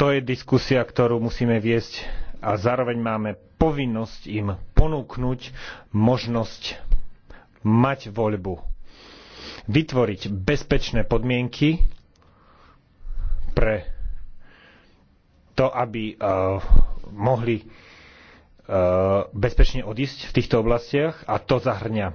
to je diskusia, ktorú musíme viesť a zároveň máme povinnosť im ponúknuť možnosť mať voľbu. Vytvoriť bezpečné podmienky pre to, aby uh, mohli uh, bezpečne odísť v týchto oblastiach a to zahrňa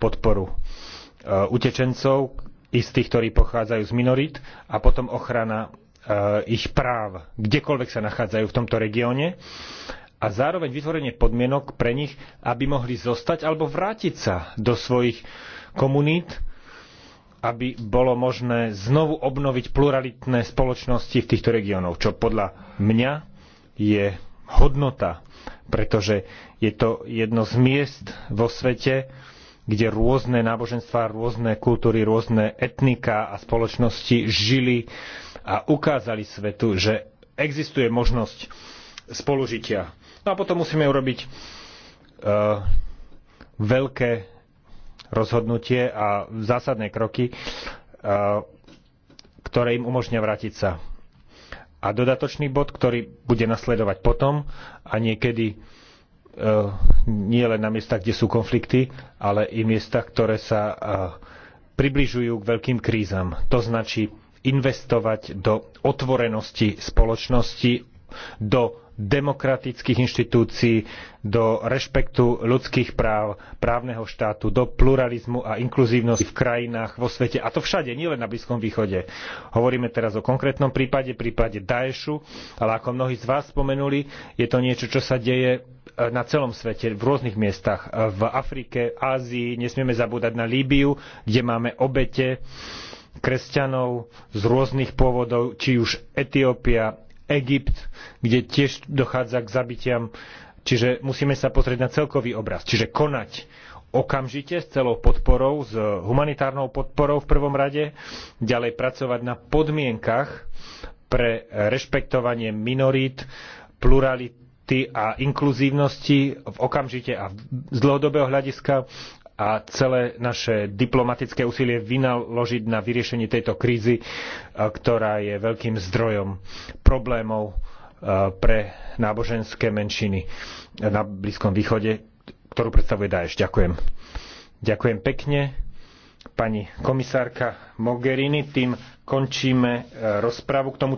podporu uh, utečencov, istých, ktorí pochádzajú z minorít a potom ochrana Eh, ich práv, kdekoľvek sa nachádzajú v tomto regióne a zároveň vytvorenie podmienok pre nich, aby mohli zostať alebo vrátiť sa do svojich komunít, aby bolo možné znovu obnoviť pluralitné spoločnosti v týchto regiónoch, čo podľa mňa je hodnota, pretože je to jedno z miest vo svete, kde rôzne náboženstvá, rôzne kultúry, rôzne etnika a spoločnosti žili a ukázali svetu, že existuje možnosť spolužitia. No a potom musíme urobiť uh, veľké rozhodnutie a zásadné kroky, uh, ktoré im umožňa vrátiť sa. A dodatočný bod, ktorý bude nasledovať potom a niekedy uh, nie len na miestach, kde sú konflikty, ale i miestach, ktoré sa uh, približujú k veľkým krízam. To značí investovať do otvorenosti spoločnosti, do demokratických inštitúcií, do rešpektu ľudských práv, právneho štátu, do pluralizmu a inkluzívnosti v krajinách, vo svete. A to všade, nielen na Blízkom východe. Hovoríme teraz o konkrétnom prípade, prípade Daešu, ale ako mnohí z vás spomenuli, je to niečo, čo sa deje e, na celom svete, v rôznych miestach. E, v Afrike, Ázii, nesmieme zabúdať na Líbiu, kde máme obete kresťanov z rôznych pôvodov, či už Etiópia, Egypt, kde tiež dochádza k zabitiam. Čiže musíme sa pozrieť na celkový obraz. Čiže konať okamžite s celou podporou, s humanitárnou podporou v prvom rade, ďalej pracovať na podmienkach pre rešpektovanie minorít, plurality a inkluzívnosti v okamžite a z dlhodobého hľadiska a celé naše diplomatické úsilie vynaložiť na vyriešenie tejto krízy, e, ktorá je veľkým zdrojom problémov e, pre náboženské menšiny na Blízkom východe, ktorú predstavuje Daesh. Ďakujem. Ďakujem pekne. Pani komisárka Mogherini, tým končíme e, rozprávu k tomu.